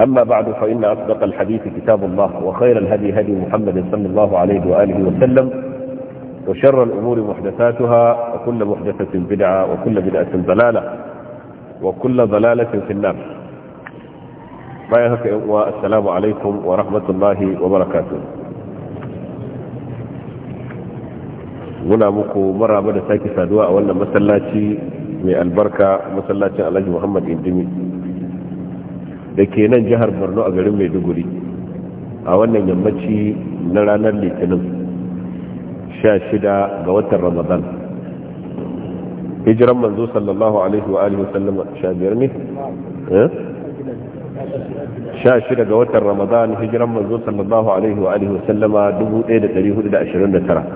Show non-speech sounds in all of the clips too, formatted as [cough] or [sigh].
أما بعد فإن أصدق الحديث كتاب الله وخير الهدي هدي محمد صلى الله عليه وآله وسلم وشر الأمور محدثاتها وكل محدثة بدعة وكل بدعة ضلالة وكل ضلالة في النار والسلام عليكم ورحمة الله وبركاته هنا مكو مرة da ساكي saduwa a مسلاتي من البركة مسلاتي على محمد muhammad da ke nan jihar borno a garin maiduguri a wannan yammaci na ranar litinin 16 ga watan ramadan hijiran manzo sallallahu alaihi wa alihi wasallam sha biyar ne eh 16 ga watan ramadan hijiran manzo sallallahu alaihi wa alihi wasallama 1429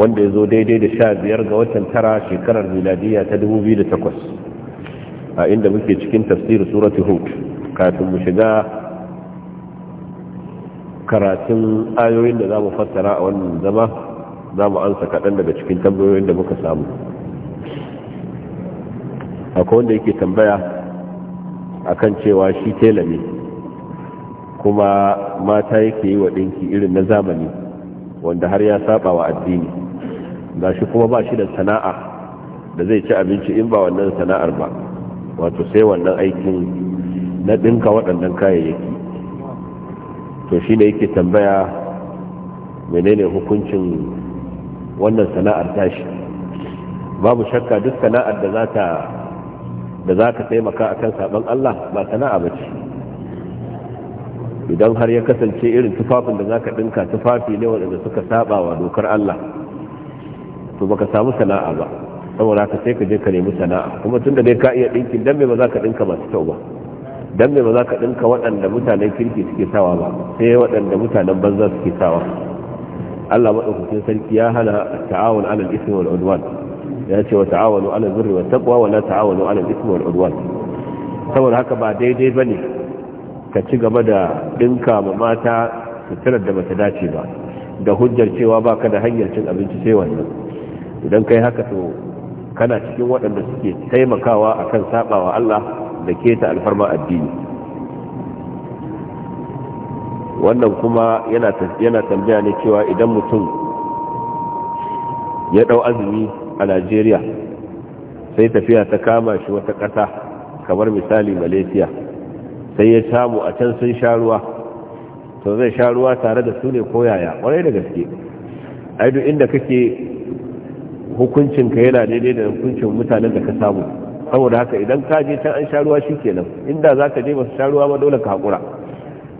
wanda ya zo daidai da sha biyar ga watan tara shekarar miladiya ta 2008 a inda muke cikin tafsir suratu hud kafin mu shiga karatun ayoyin da zamu fassara a wannan zama zamu mu ansa kaɗan daga cikin tambayoyin da muka samu akwai wanda yake tambaya akan cewa shi tela ne kuma mata yake yi wa dinki irin na zamani wanda har ya saba wa addini gashi kuma ba shi da sana'a da zai ci abinci in ba wannan sana'ar ba wato sai wannan aikin na ɗinka waɗannan kayayyaki to shi ne yake tambaya menene hukuncin wannan sana'ar tashi babu shakka duk sana'ar da za ta da za ka taimaka a kan saɓon Allah ba sana'a ba ce idan har ya kasance irin tufafin da za ka ɗinka tufafi ne waɗanda suka saɓa wa dokar Allah to baka samu sana'a ba saboda ka sai ka je ka nemi sana'a kuma tun da dai ka iya ɗinkin dan me ba za ka dinka masu ta'u ba dan me ba za ka dinka waɗanda mutanen kirki suke sawa ba sai waɗanda mutanen banza suke sawa Allah maɗaukakin sarki ya hana ta'awun alal ismi wal udwan ya ce wa ta'awanu alal birri wat taqwa wa la ala alal ismi wal udwan saboda haka ba daidai bane ka ci gaba da dinka ma mata suturar da bata dace ba da hujjar cewa baka da hanyar cin abinci sai wannan idan kai haka to kana cikin waɗanda suke taimakawa a kan saɓawa Allah da keta alfarma addini wannan kuma yana tambaya ne cewa idan mutum ya ɗau azumi a Najeriya sai tafiya ta kama shi wata ƙasa kamar misali malaysia sai ya samu a can sun sha to zai sha ruwa tare da su ne ko yaya ƙwarai da gaske aidu inda kake hukuncin ka yana daidai da hukuncin mutanen da ka samu saboda haka idan ka je can an sha ruwa shikenan inda za ka je ba su sha ruwa ba dole ka haƙura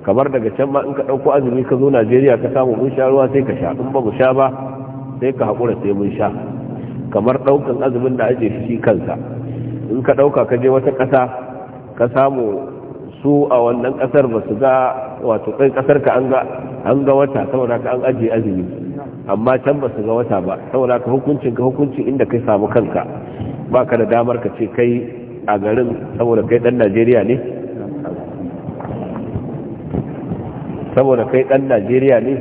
kamar daga can ma in ka ɗauko azumi ka zo najeriya ka samu mun sha ruwa sai ka sha in ba mu sha ba sai ka haƙura sai mun sha kamar ɗaukan azumin da aje shi kansa in ka ɗauka ka je wata ƙasa ka samu su a wannan ƙasar ba su ga wato kai ƙasar ka an ga wata saboda ka an ajiye azumi amma can ba su ga wata ba saboda ka hukuncin ka hukuncin inda kai samu kanka ba ka da damar ka ce kai a garin saboda kai dan najeriya ne saboda kai dan najeriya ne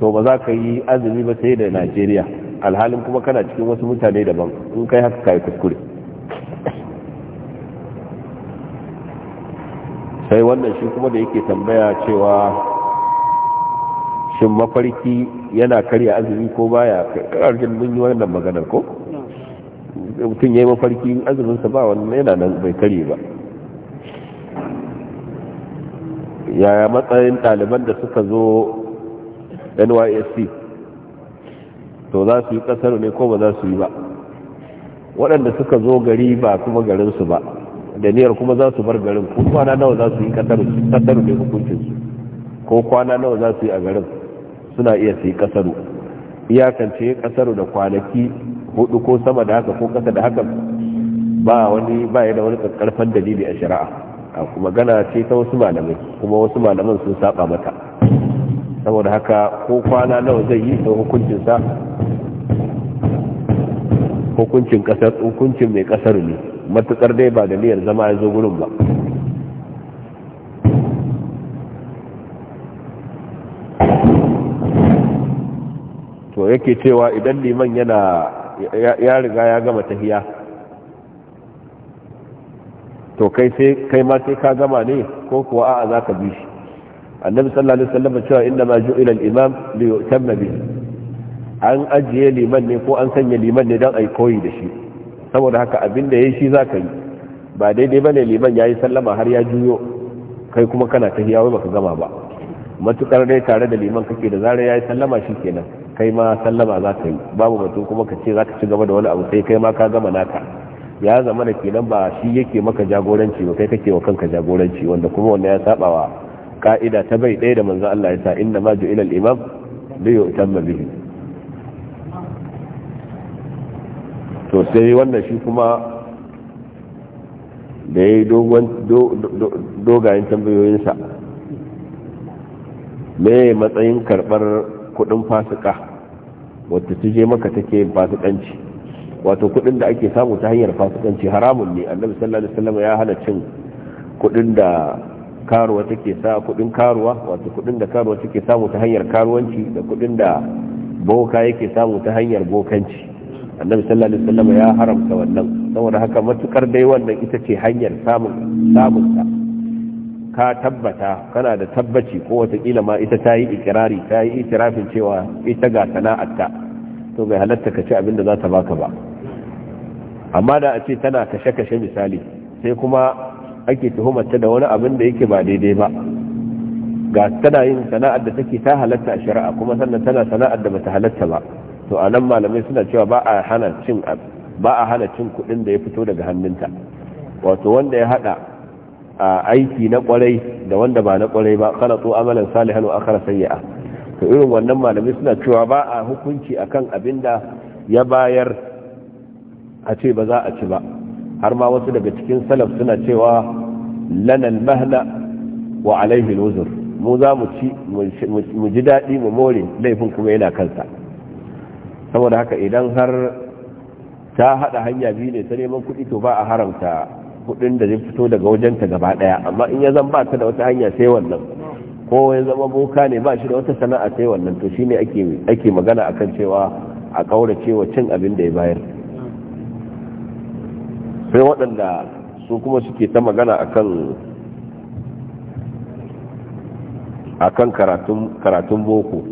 to ba za ka yi azumi ba sai da najeriya alhalin kuma kana cikin wasu mutane daban in kai haka kai kuskure sai wannan shi kuma da yake tambaya cewa shin mafarki yana karya azumi ko baya karjin mun yi wannan magana ko mutum ya yi mafarki azuminsa ba wannan yana nan bai karye ba yaya matsayin ɗaliban da suka zo nysc to za su yi kasar ne ko ba za su yi ba waɗanda suka zo gari ba kuma garinsu ba da niyar kuma za su bar garin ko kwana nawa za su yi kasar ne hukuncinsu ko kwana nawa za su yi a garin suna iya su yi kasaru iyakance kasaru da kwanaki hudu ko sama da haka ko kasa da haka ba wani ba yana da wani karfan dalili a shari'a a magana ce ta wasu malamai kuma wasu malaman sun saba mata saboda haka ko kwana nawa zai yi ta hukuncin sa hukuncin kasar hukuncin mai kasar ne matukar dai ba da niyyar zama ya zo gurin ba to yake cewa idan liman yana ya riga ya gama tahiya to kai sai kai ma sai ka gama ne ko kuwa a'a za ka bi shi annabi sallallahu alaihi wasallam cewa inda ma ila al-imam li yutamma bi an ajiye liman ne ko an sanya liman ne dan ai koyi da shi saboda haka abin da yayi shi za ka yi ba daidai bane liman yayi sallama har ya juyo kai kuma kana tahiya wai baka gama ba matukar dai tare da liman kake da zarar yayi sallama shikenan kai ma sallama za ka yi babu batun kuma ka ce za ka ci gaba da wani abu sai kai ma ka gama naka ya zama da kenan ba shi yake maka jagoranci ba kai kake wa kanka jagoranci wanda kuma wanda ya saba wa ka'ida ta bai ɗaya da manzo Allah ya sa inna ma ju'ila al-imam li yu'tamma bihi to sai wannan shi kuma da yayi yi dogayen tambayoyinsa me matsayin karɓar. kudin fasika wato ta je maka take fasikanci wato kudin da ake samu ta hanyar fasikanci haramun ne annabi sallallahu alaihi wasallam ya hana cin kudin da karuwa take sa kudin karuwa wato kudin da karuwa take samu ta hanyar karuwanci da kudin da boka yake samu ta hanyar bokanci annabi sallallahu alaihi wasallam ya haramta wannan saboda haka matukar dai wannan ita ce hanyar samun samun ka tabbata kana da tabbaci ko watakila ma ita ta yi ikirari ta yi itirafin cewa ita ga sana'arta to bai halatta ka ci abinda za ta baka ba amma da a ce tana kashe-kashe misali sai kuma ake tuhumarta da wani abin da yake ba daidai ba ga tana yin sana'ar da take ta halatta a shari'a kuma sannan tana sana'ar da bata halatta ba to a nan malamai suna cewa ba a hana cin ba a hana cin kuɗin da ya fito daga hannunta wato wanda ya hada A aiki na kwarai da wanda ba na kwarai ba khalatu amalan salihan wa akhara sayyi'a to irin wannan malamai suna cewa ba a hukunci akan abinda ya bayar a ce ba za a ci ba har ma wasu daga cikin salaf suna cewa lanal mahla wa alaihi al mu za mu ci mu ji daɗi mu more laifin kuma yana kansa saboda haka idan har ta haɗa hanya biyu ne ta neman kuɗi to ba a haramta Kuɗin da zai fito daga wajenta gaba daya amma in ya zan ba ta da wata hanya sai wannan ko ya zama boka ne ba shi da wata sana'a sai wannan to shi ne ake magana a kan cewa a kaurace wa cin abin da ya bayar sai waɗanda su kuma suke ta magana a kan karatun boko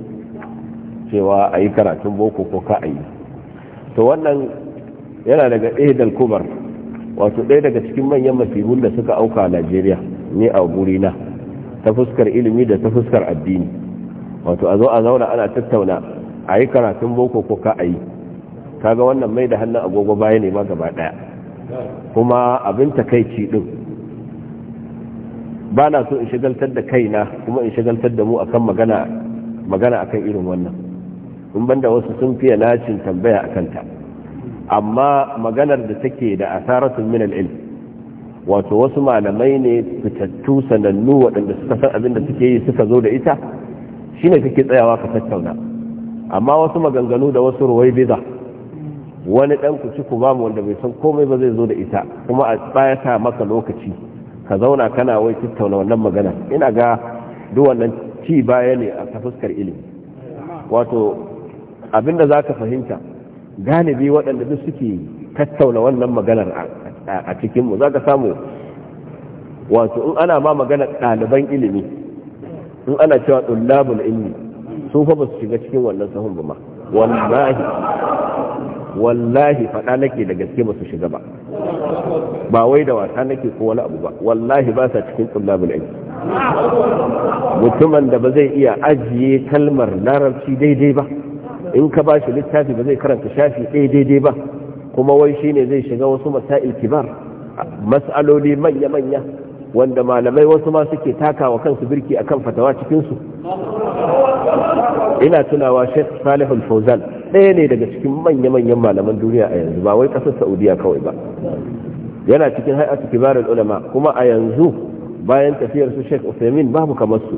cewa a yi karatun boko ko kaayi to wannan yana daga ɗaya dalkubar wato ɗaya daga cikin manyan masibun da suka auka a najeriya ne a gurina ta fuskar ilimi da ta fuskar addini wato a zo a zauna ana tattauna a yi karatun boko ko ka a yi kaga wannan mai da hannun agogo baya ne ma gaba ɗaya kuma abin takaici ɗin ba na so in shigaltar da kai na kuma in shigaltar da mu akan magana magana akan irin wannan in banda wasu sun fiye nacin tambaya a kanta amma maganar da take da asaratun min al-ilm wato wasu malamai ne fitattu sanannu waɗanda suka san abin da suke yi suka zo da ita shine kake tsayawa ka tattauna amma wasu maganganu da wasu ruwai biza wani dan ku ci ku ba wanda bai san komai ba zai zo da ita kuma a tsayata maka lokaci ka zauna kana wai tattauna wannan magana ina ga duk wannan ci baya ne a ta fuskar ilimi wato abinda zaka fahimta galibi waɗanda duk suke tattauna wannan maganar a cikinmu za ka samu wato in ana ma maganar ɗaliban ilimi in ana cewa ɗullabul ilmi su fa ba su shiga cikin wannan sahun ba ma wallahi wallahi faɗa nake da gaske ba su shiga ba ba wai da wasa nake ko wani abu ba wallahi ba sa cikin ɗullabul ilmi mutumin da ba zai iya ajiye kalmar larabci daidai ba in ka ba shi littafi ba zai karanta shafi ɗaya daidai ba kuma wai shi ne zai shiga wasu masa'il kibar mas'aloli manya-manya wanda malamai wasu ma suke takawa kansu birki akan fatawa cikinsu ina tunawa sheikh salihul fauzan ɗaya ne daga cikin manya-manyan malaman duniya a yanzu ba wai ƙasar saudiya kawai ba yana cikin hay'atu kibarul ulama kuma a yanzu bayan tafiyar su sheikh usaimin babu kamar su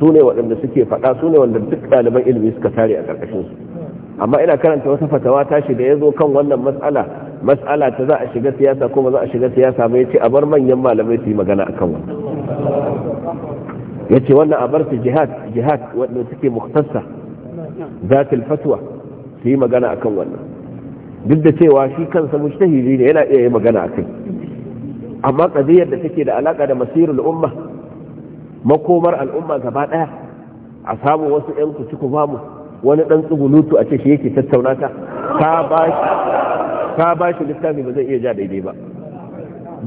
su ne waɗanda suke faɗa su ne wanda duk ɗaliban ilimi suka tare a ƙarƙashinsu amma ina karanta wata fatawa ta da ya zo kan wannan mas'ala matsala ta za a shiga siyasa kuma za a shiga siyasa mai ce a bar manyan malamai su yi magana akan wannan ya ce wannan a bar su jihad jihad wanda suke muhtassa ta fatwa su yi magana akan wannan duk da cewa shi kansa mujtahidi ne yana iya yi magana akai amma kadiyar da take da alaka da masirul umma makomar al'umma gaba daya a samu wasu yan ku ci ku bamu wani dan tsugulutu a ce shi yake tattauna ka ka ba shi littafi ba zai iya ja daidai ba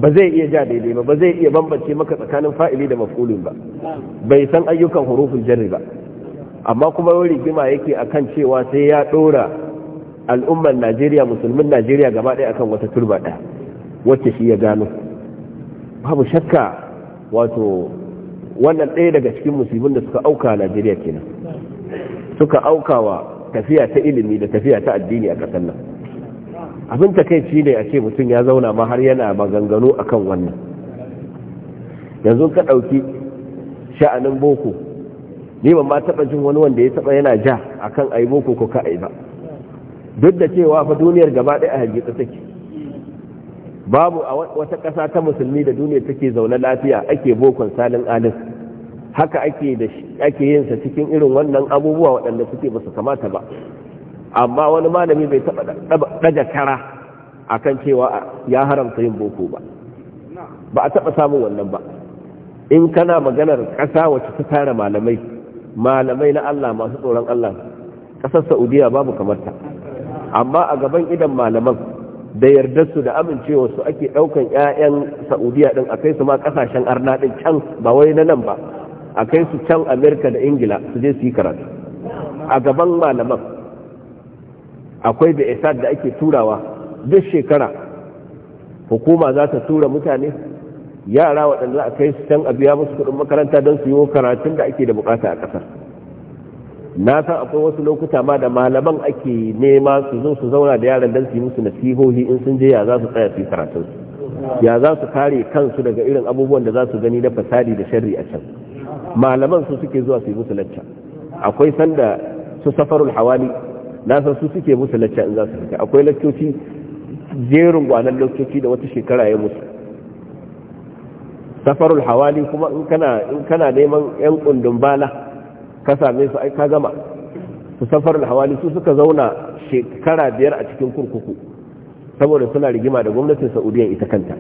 ba zai iya ja daidai ba ba zai iya bambance maka tsakanin fa'ili da maf'ulin ba bai san ayyukan hurufin jarri ba amma kuma wani rigima yake akan cewa sai ya dora al'ummar Najeriya musulmin Najeriya gaba ɗaya akan wata turba ɗaya wacce shi ya gano babu shakka wato wannan ɗaya daga cikin musulmin da suka auka Najeriya kenan suka aukawa tafiya ta ilimi da tafiya ta addini a ƙasar nan abin ta takaici ne a ce mutum ya zauna ma har yana maganganu akan wannan yanzu ka ɗauki sha'anin boko ni ban ma taɓa jin wani wanda ya taɓa yana ja akan ayi boko ko ka ba duk da cewa fa duniyar gaba ɗaya a hargitsa take babu a wata ƙasa ta musulmi da duniya take zaune lafiya ake bokon salin alif haka ake da ake yin sa cikin irin wannan abubuwa waɗanda suke ba su kamata ba amma wani malami bai taɓa ɗaga kara kan cewa ya haramta yin boko ba ba a taɓa samun wannan ba in kana maganar ƙasa wacce ta tara malamai malamai na Allah masu tsoron Allah ƙasar Saudiya babu kamarta amma a gaban idan malaman da su da amincewa su ake ɗaukan 'ya'yan saudiya din a kai su ma kasashen arna ɗin can ba wai na nan ba a kai su can amerika da ingila su je su yi karatu a gaban malaman akwai da isa da ake turawa duk shekara hukuma za ta tura mutane yara waɗanda a kai su can a biya musu kuɗin makaranta don su yi karatun da ake da bukata a ƙasar na san akwai wasu lokuta ma da malaman ake nema su zo su zauna da yaran don su yi musu nasihohi in sun je ya za su tsaya su yi karatunsu ya za su kare kansu daga irin abubuwan da za su gani na fasadi da sharri a can malaman su suke zuwa su yi musu lacca akwai sanda su safarul hawali na san su suke musu lacca in za su fita akwai laccoci jerin gwanan laccoci da wata shekara ya musu safarul hawali kuma in kana in kana neman yan kundin bala ka same su ai ka gama su safarul hawali su suka zauna shekara biyar a cikin kurkuku saboda suna rigima da gwamnatin saudiya ita kanta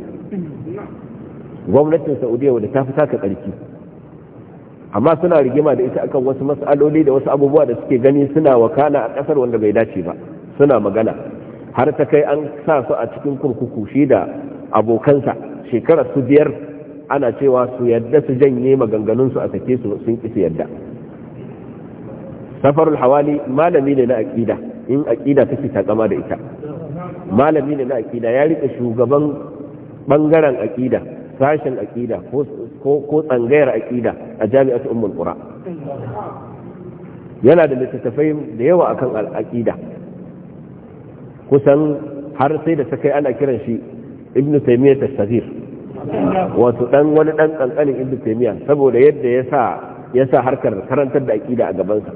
gwamnatin saudiya wadda ta fi taka karki amma suna rigima da ita akan wasu mas'aloli da wasu abubuwa da suke gani suna wakana a kasar wanda bai dace ba suna magana har ta kai an sa su a cikin kurkuku shi da abokansa shekara su biyar ana cewa su yadda su janye maganganunsu a sake su sun ki su yadda safarul hawali malami ne na aƙida in aƙida take takama da ita malami ne na aƙida ya rike shugaban bangaren aƙida sashen aƙida ko ko tsangayar aqida a jami'atu ummul qura yana da littattafai da yawa akan aƙida kusan har sai da sakai ana kiran shi ibn taymiyyah ta saghir wato dan wani dan kankanin ibn taymiyyah saboda yadda ya sa ya harkar karantar da aqida a gabansa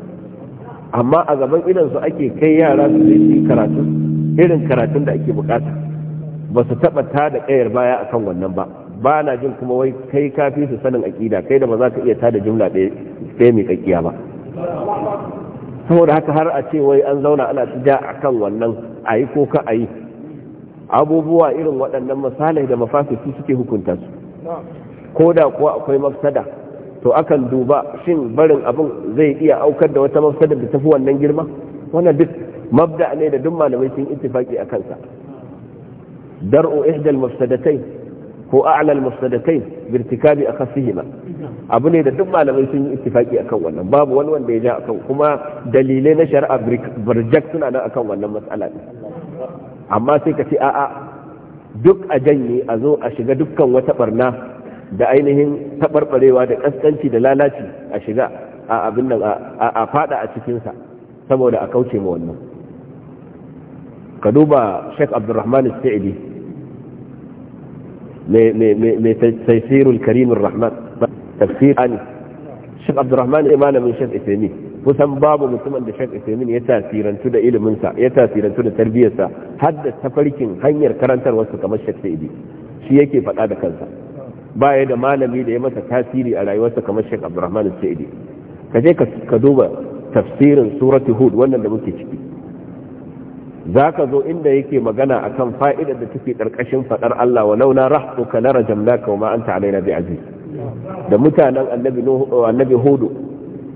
amma a gaban idan ake kai yara su yi karatu irin karatun da ake bukata ba su taba ta da ƙayar baya akan wannan ba ba na jin kuma wai kai kafi su sanin aƙida kai da ba za ka iya tada jumla ɗaya mai kakkiya ba saboda haka har a ce wai an zauna ana tija a kan wannan a yi ko ka a yi abubuwa irin waɗannan misalai da mafasisu suke hukunta su ko da kuwa akwai mafsada to akan duba shin barin abin zai iya aukar da wata mafsada da tafi wannan girma wannan duk mabda ne da duk malamai sun ittifaki a kansa dar'u ihdal mafsadatai ko a'lal musnadatayn bi irtikabi akhassihima abu ne da duk malamai sun yi ittifaki akan wannan babu wani wanda ya ja akan kuma dalilai na shari'a birjak suna nan akan wannan matsala ne amma sai ka ce a'a duk a janye a zo a shiga dukkan wata barna da ainihin tabarbarewa da kaskanci da lalaci a shiga a abin nan a faɗa a cikinsa saboda a kauce ma wannan ka duba sheikh abdulrahman sa'idi mai taisirul karimin rahman tafsir ani shek abdurrahman ne malamin shek isemi kusan babu mutumin da shek isemi ya tasirantu da iliminsa ya tasirantu da tarbiyyarsa har da tafarkin hanyar karantarwarsa kamar shek sa'idi shi yake faɗa da kansa ba ya da malami da ya masa tasiri a rayuwarsa kamar shek abdurrahman sa'idi ka je ka duba tafsirin surati hud wannan da muke ciki za ka zo inda yake magana a kan fa'idar da tafi ƙarƙashin faɗar Allah wa launa ka la rajamnaka wa ma anta na bi aji da mutanen eh, annabi hudu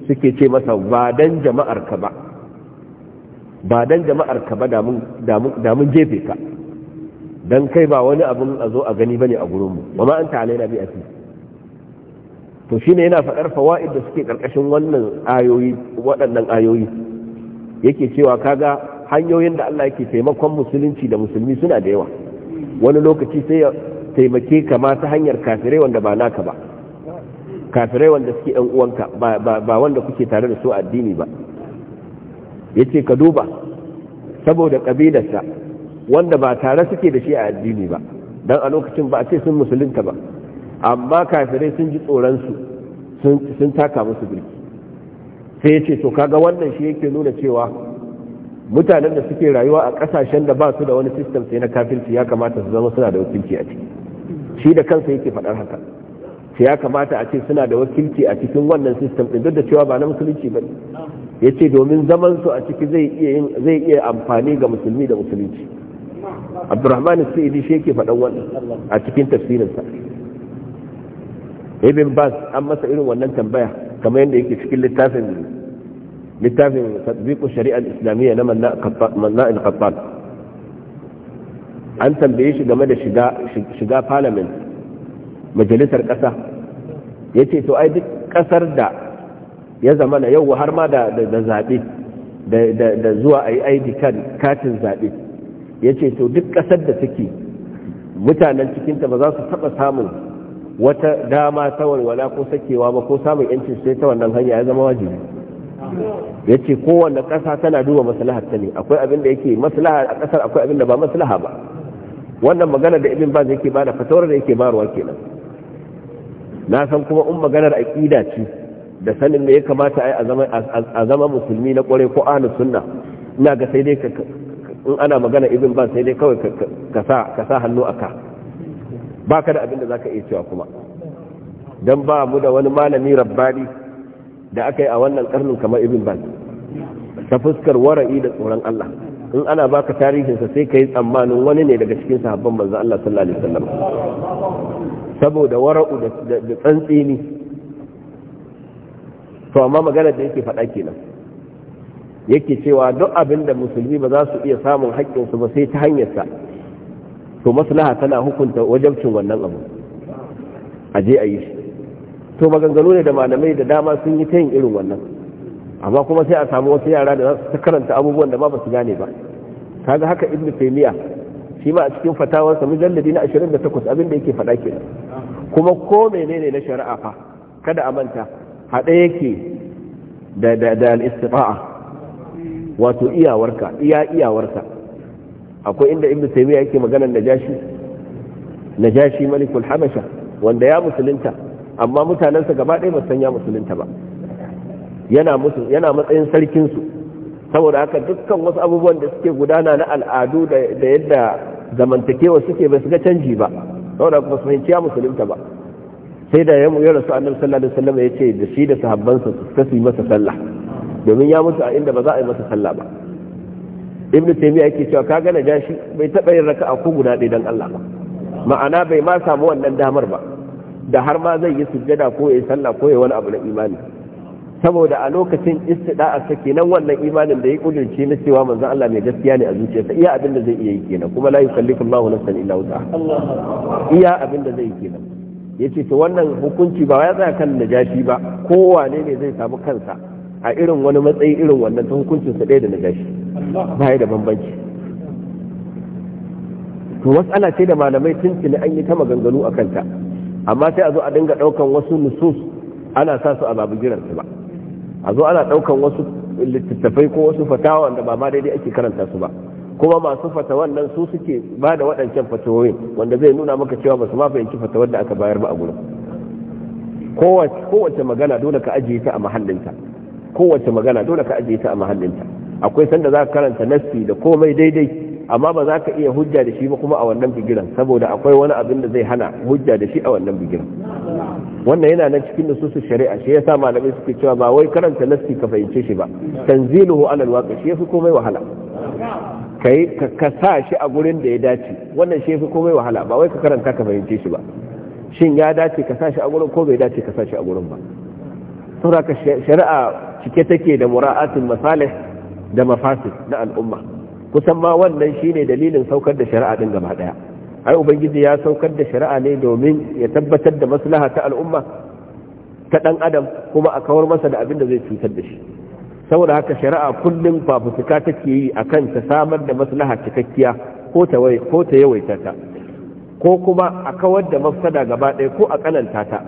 suke ce masa ba dan jama'ar ka ba ba dan jama'ar ka ba da mun jefe ka dan kai ba wani abun a zo a gani bane a gurinmu. mu wa ma anta alaina bi aji to shine yana faɗar fawaid da suke ƙarƙashin wannan ayoyi waɗannan ayoyi yake cewa kaga hanyoyin da Allah yake taimakon musulunci da musulmi suna da yawa wani lokaci sai ya taimake ka ma ta hanyar kafirai wanda ba naka ba kafirai wanda suke ɗan uwanka ba wanda kuke tare da su addini ba yace ka duba saboda kabilarsa wanda ba tare suke da shi a addini ba dan a lokacin ba a ce sun musulunta ba amma kafirai sun ji tsoron su sun taka musu birki sai yace to kaga wannan shi yake nuna cewa mutanen da suke rayuwa a kasashen da ba su da wani sistem sai na kafirci ya kamata su zama suna da wakilci a ciki shi da kansa yake faɗar haka sai ya kamata a ce suna da wakilci a cikin wannan system din duk da cewa ba na musulunci ba ya ce domin zaman su a ciki zai iya zai iya amfani ga musulmi da musulunci abdurrahman sa'idi shi yake faɗan wannan a cikin tafsirinsa ibn bas an masa irin wannan tambaya kamar yadda yake cikin littafin littafin tatbiqu shari'ar islamiyya na manna'in qattan an tambaye shi game da shiga shiga parliament majalisar ƙasa yace to ai duk ƙasar da ya zama na yau har ma da zaɓe da zuwa a yi aidi kan katin zaɓe ya ce to duk ƙasar da take mutanen cikinta ba za su taɓa samun wata dama ta walwala ko sakewa ba ko samun yancin sai ta wannan hanya ya zama wajibi ya ce kowane ƙasa tana duba maslahar ta ne akwai abin da yake maslaha a ƙasar akwai abin da ba maslaha ba wannan maganar da ibin baz yake bada fatawar da yake barwa kenan na san kuma in maganar aqida ce da sanin me ya kamata a zama musulmi na kwarai ko ahlus sunna ina ga sai dai in ana magana ibin baz sai dai kawai ka sa hannu a ka ba baka da abin da zaka iya cewa kuma don ba mu da wani malami rabbani da aka yi a wannan karnin kamar ibin baz ta fuskar wara'i da tsoron Allah in ana baka tarihinsa sai ka yi tsammanin wani ne daga cikin sahabban manzo Allah sallallahu alaihi wasallam saboda wara'u da ne to amma magana da yake faɗa kenan yake cewa duk abin da musulmi ba za su iya samun haƙƙinsu ba sai ta hanyarsa to maslaha tana hukunta wajabcin wannan abu a je a yi shi to maganganu ne da malamai da dama sun yi ta yin irin wannan amma kuma sai a samu wasu yara da su karanta abubuwan da ma ba su gane ba kaga haka ibnu taymiya shi ma a cikin fatawarsa mujalladi na 28 abin da yake faɗa kenan kuma ko menene na shari'a fa kada a manta Hada yake da da da al-istita'a wato iyawarka iya iyawarka akwai inda ibnu taymiya yake maganar najashi najashi malikul habasha wanda ya musulunta amma mutanensa gaba ɗaya ba ya musulunta ba yana matsayin sarkinsu saboda haka dukkan wasu abubuwan da suke gudana na al'adu da yadda zamantakewa suke ba su ga canji ba saboda ba su fahimci ya musulunta ba sai da ya muyar rasu annabi sallallahu alaihi wasallam ya ce da shi da sahabbansa su yi masa sallah domin ya mutu a inda ba za a yi masa sallah ba ibnu taymiya yake cewa kaga na jashi bai taba yin raka'a ko guda ɗaya dan Allah ba ma'ana bai ma samu wannan damar ba da har ma zai yi sujjada ko ya sallah ko ya wani abu na imani saboda a lokacin a sake nan wannan imanin da ya kudurce na cewa manzan Allah mai gaskiya ne a zuciyarsa iya abin da zai iya yi kenan kuma la yusallifu Allahu nafsan illa wus'aha iya abin da zai yi kenan yace to wannan hukunci ba ya tsaya kan najashi ba wane ne zai samu kansa a irin wani matsayi irin wannan ta hukuncin sa ɗaya da najashi ba ya da bambanci to mas'ala ce da malamai tuntuni an yi ta maganganu a kanta amma sai a zo a dinga daukan wasu nusus ana sa su a babu su ba a zo ana daukan wasu littattafai ko wasu fatawa wanda ba ma daidai ake karanta su ba kuma masu fatawan nan su suke ba da waɗancan fatawoyin wanda zai nuna maka cewa ba su ma fahimci fatawar da aka bayar ba a gurin kowace magana dole ka ajiye ta a mahallinta kowace magana dole ka ajiye ta a mahallinta akwai sanda za ka karanta nassi da komai daidai amma ba za ka iya hujja da shi ba kuma a wannan bigiran saboda akwai wani abin da zai hana hujja da shi a wannan bigiran wannan yana nan cikin nususu shari'a shi ya sa malamai suke cewa ba wai karanta nasti ka fahimce shi ba tanziluhu alal waqi shi yafi komai wahala kai ka sa shi a gurin da ya dace wannan shi yafi komai wahala ba wai ka karanta ka fahimce shi ba shin ya dace ka sa shi a gurin ko bai dace ka sa shi a gurin ba saboda shari'a cike take da mura'atul masalih da mafasid na al'umma kusan ma wannan shine dalilin saukar da shari'a din gaba daya ai ubangiji ya saukar da shari'a ne domin ya tabbatar da maslaha ta al'umma ta dan adam kuma a kawar masa da abin da zai cutar da shi saboda haka shari'a kullum fafutuka take yi akan ta samar da maslaha cikakkiya ko ta ko ta yawaita ta ko kuma a kawar da mafsada gaba ɗaya ko a kananta ta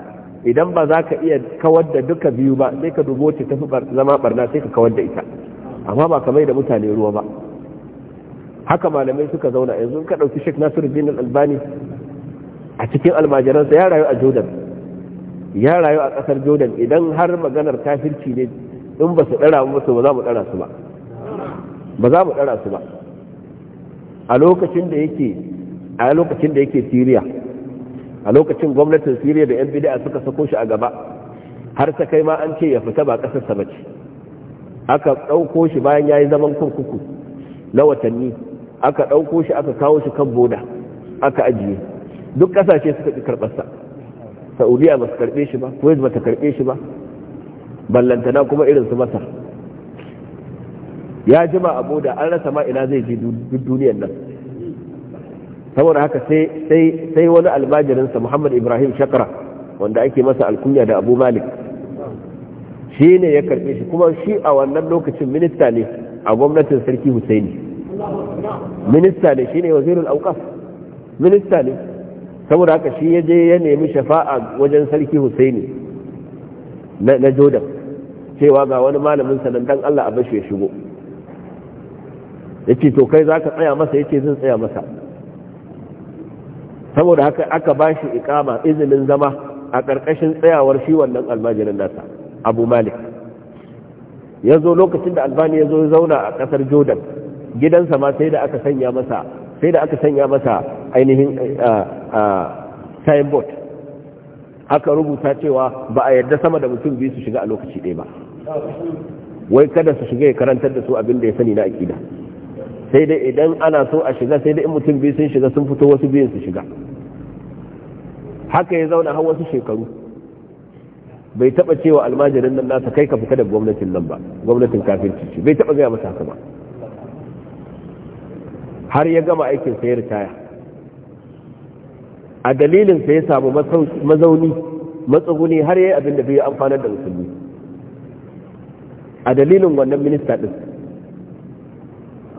idan ba za ka iya kawar da duka biyu ba sai ka dubo ta tafi zama barna sai ka kawar da ita amma ba kamar da mutane ruwa ba haka malamai suka zauna yanzu ka ɗauki sheik nasiruddin albani a cikin almajiransa ya rayu a jordan ya rayu a ƙasar jordan idan har maganar kafirci ne in ba su ɗara mu ba za mu ɗara su ba ba za mu ɗara su ba a lokacin da yake a lokacin da yake siriya a lokacin gwamnatin siriya da yan bida suka sako shi a gaba har ta kai ma an ce ya fita ba ƙasarsa ba ce aka ɗauko shi bayan ya yi zaman kurkuku na watanni aka ɗauko shi aka kawo shi kan boda aka ajiye duk ƙasashe suka ƙi karɓarsa saudiya ba su karɓe shi ba kuwait ba ta karɓe shi ba ballantana kuma irin su masa. ya jima a boda an rasa ma ina zai je duk duniyar nan saboda haka sai wani almajirinsa muhammad ibrahim shakara wanda ake masa alkunya da abu malik shi ne ya karɓe shi kuma shi a wannan lokacin minista ne a gwamnatin sarki husaini minista ne shine wazirul auqaf minista ne saboda haka shi ya je ya nemi shafa'a wajen sarki Husaini na Jordan cewa ga wani malamin sanan dan Allah a bashi ya shigo yace to kai zaka tsaya masa yace zan tsaya masa saboda haka aka bashi ikama izinin zama a ƙarƙashin tsayawar shi wannan almajirin nasa Abu Malik ya zo lokacin da albani ya zo zauna a ƙasar jordan gidansa ma sai da aka sanya masa sai da aka sanya masa ainihin signboard aka rubuta cewa ba a yarda sama da mutum biyu su shiga a lokaci ɗaya ba wai kada su shiga ya karantar da su abin da ya sani na akida sai dai idan ana so a shiga sai dai in mutum biyu sun shiga sun fito wasu biyun su shiga haka ya zauna har wasu shekaru bai taba cewa almajirin nan nasa kai ka fita da gwamnatin nan ba gwamnatin kafirci bai taba gaya masa haka ba har ya gama aikin sa ya ritaya a dalilin sai ya samu mazauni matsuguni har yayi abin da bai amfanar da musulmi a dalilin wannan minista din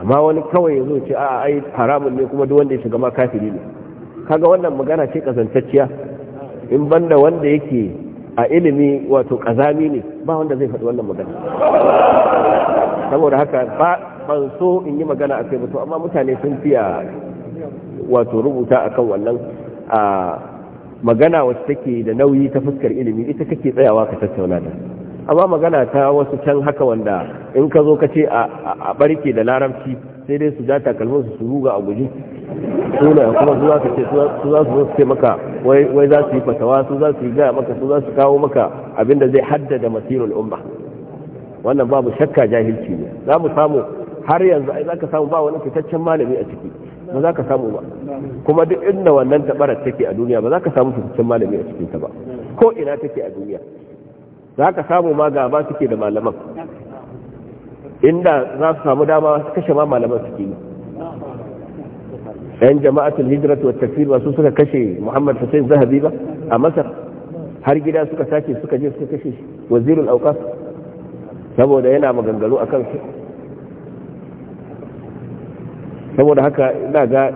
amma wani kawai ya zo ce a ai haramun ne kuma duk wanda ya shiga ma kafiri ne kaga wannan magana ce kazantacciya in banda wanda yake a ilimi wato kazami ne ba wanda zai faɗi wannan magana saboda haka ban so in yi magana a kai to amma mutane sun fiya wato rubuta akan wannan a magana wacce take da nauyi ta fuskar ilimi ita kake tsayawa ka tattauna da amma magana ta wasu can haka wanda in ka zo ka ce a barke da laramci sai dai su ja takalmin su ruga a guji suna kuma su za ce su za su ce maka wai za su yi fatawa su za su yi gaya maka su za su kawo maka abinda zai haddada masirul umma wannan babu shakka jahilci ne za mu samu har yanzu ai zaka samu ba wani fitaccen malami a ciki ba za ka samu ba kuma duk inda wannan tabarar take a duniya ba za ka samu fitaccen malami a cikin ta ba ko ina take a duniya za ka samu ma gaba suke da malaman inda za su samu dama kashe ma malaman suke yi yan jama'atul hijrat wa tafsir wasu suka kashe Muhammad Hussein Zahabi ba a Masar har gida suka sace suka je suka kashe shi wazirul awqaf saboda yana maganganu akan saboda haka ina ga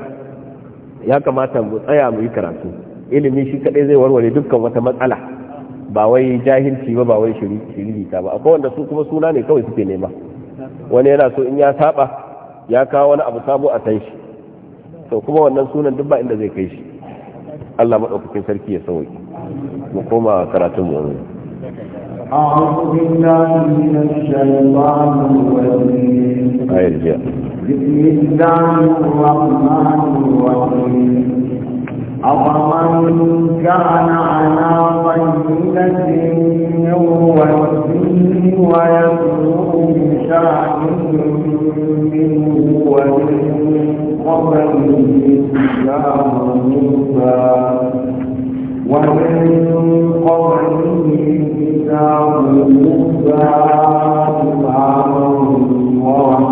ya kamata mu tsaya mu yi karatu ilimi shi kadai zai warware dukkan wata matsala ba wai jahilci ba ba wai ta ba akwai wanda su kuma suna ne kawai suke nema wani yana so in ya saba ya kawo wani abu sabo a san shi to kuma wannan sunan duk ba inda zai kai shi Allah madaukakin sarki ya sauke mu koma karatun mu أعوذ بالله من الشيطان الرجيم بسم الله الرحمن الرحيم أفمن كان على بينة من ربه ويسلك بشاهد منه ومن قبله كتاب موسى ومن قبله كتاب موسى إماما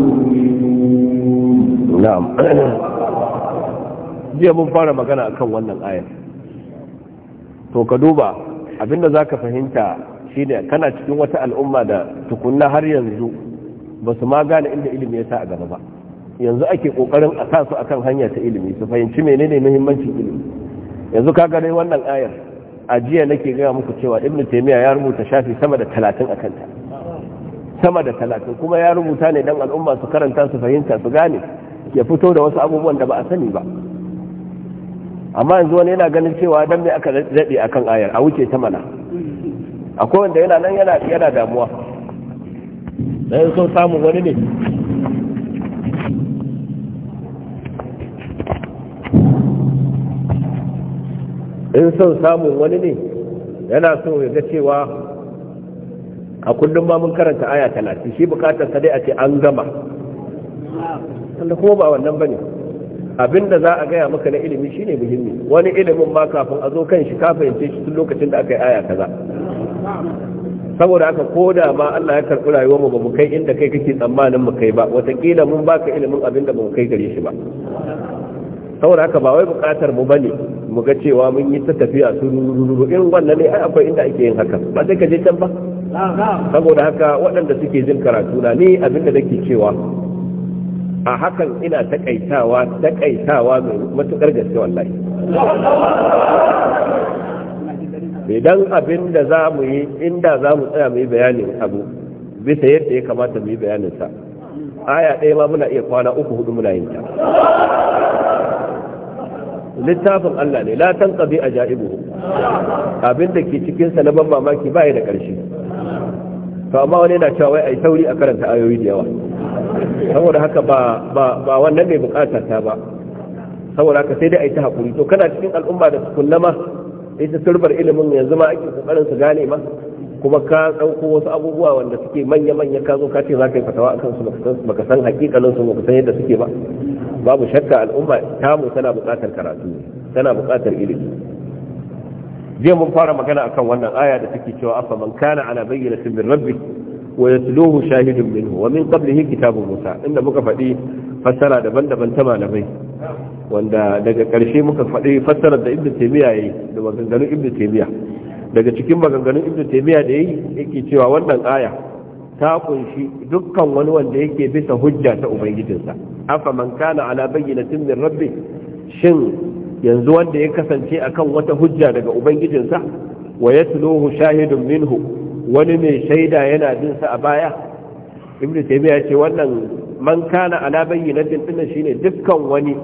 na'am jiya mun fara magana akan wannan ayar to ka duba abinda zaka fahimta shine kana cikin wata al'umma da tukunna har yanzu ba su ma gane inda ilimi ya sa a gaba ba yanzu ake kokarin a sa su akan hanya ta ilimi su fahimci menene muhimmancin ilimi yanzu ka gane wannan ayar a jiya nake gaya muku cewa Ibn taymiya ya rubuta shafi sama da 30 akan ta sama da 30 kuma ya rubuta ne dan al'umma su karanta su fahimta su gane ya fito da wasu abubuwan da ba a sani ba amma yanzu wani yana ganin cewa dan me aka daɗe akan ayar a wuce ta mana akwai wanda yana nan yana yana damuwa dan so samu wani ne in son samun wani ne yana so ya ga cewa a kullum ma mun karanta aya 30 shi bukatar sa dai a ce an gama tunda kuma ba wannan bane abinda za a gaya maka na ilimi shine muhimmi wani ilimin ma kafin a zo kan shi ka fahimce shi tun lokacin da aka yi aya kaza saboda haka ko da ma Allah ya karɓi mu ba mu kai inda kai kake tsammanin mu kai ba wataƙila mun baka ilimin abin da ba mu kai gare shi ba saboda haka ba wai buƙatar mu bane mu ga cewa mun yi ta tafiya su rururu irin wannan ne ai akwai inda ake yin haka ba sai ka je can ba saboda haka waɗanda suke jin karatu na ni abin da nake cewa a hakan ina takaitawa takaitawa mai matukar gaske wallahi idan abin da za mu yi inda za mu tsaya mu bayanin abu bisa yadda ya kamata mu yi bayanin sa aya ɗaya ma muna iya kwana uku hudu muna yin ta littafin Allah ne la tanqabi ajaibuhu abin da ke cikinsa na ban mamaki ba ya da ƙarshe to amma wani yana cewa wai ai sauri a karanta ayoyi da yawa saboda haka ba ba ba wannan ne bukata ta ba saboda haka sai dai ai ta hakuri to kana cikin al'umma da kullama ta turbar ilimin yanzu ma ake kokarin su gane ma kuma ka dauko wasu abubuwa wanda suke manya-manya ka zo ka ce za ka yi fatawa a kansu baka san hakikalin su baka san yadda suke ba babu shakka al'umma ta mu tana buƙatar karatu tana buƙatar ilimi jiya mun fara magana akan wannan aya da take cewa afa man kana ala bayyinatin min rabbih wa yatluhu shahidun minhu wa min qablihi kitabu musa inda muka faɗi fassara daban-daban ta malamai wanda daga ƙarshe muka faɗi fassara da ibnu taymiya yayi da maganganun ibnu taymiya daga cikin maganganun ibnu taymiya da yayi yake cewa wannan aya ta kunshi dukkan wani wanda yake bisa hujja ta ubangijinsa afa man kana ala bayyinatin min rabbi shin yanzu wanda ya kasance akan wata hujja daga ubangijinsa wa yatluhu shahidun minhu wani mai shaida yana jin a baya ibnu taymiya ce wannan man kana ala bayyinatin dinnan shine dukkan wani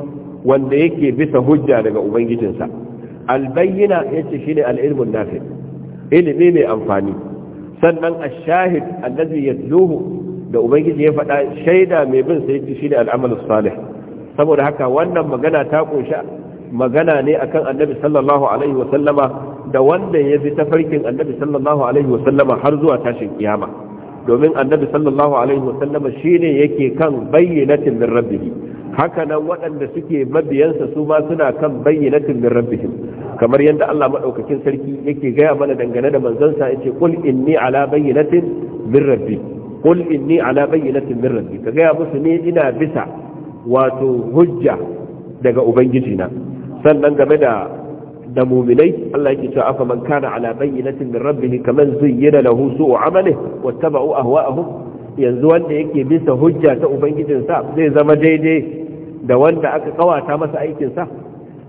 wanda yake bisa hujja daga ubangijinsa Al-Bayyina yace shine al-ilmun nafi ilimi mai amfani sannan ash-shahid allazi yatluhu da ubangiji ya faɗa shaida mai bin sai yace shine al-amal salih saboda haka wannan magana ta kunsha magana ne akan annabi sallallahu alaihi wasallama da wanda ya bi tafarkin annabi sallallahu alaihi wasallama har zuwa tashin kiyama domin annabi sallallahu alaihi wasallama shine yake kan bayyinatin min rabbih haka nan waɗanda suke mabiyansa su ma suna kan bayyinatin min rabbihim kamar yadda Allah madaukakin sarki yake gaya mana dangane da manzansa yace qul inni ala bayyinatin min rabbi qul inni ala bayyinatin min rabbi ka gaya musu ne ina bisa wato hujja daga ubangijina sannan game da da muminai Allah yake cewa afa man kana ala bayyinatin min rabbih kaman zuyyina lahu su'u amalihi wattaba'u ahwa'ahum yanzu wanda yake bisa hujja ta ubangijinsa zai zama daidai da wanda aka kawata masa aikinsa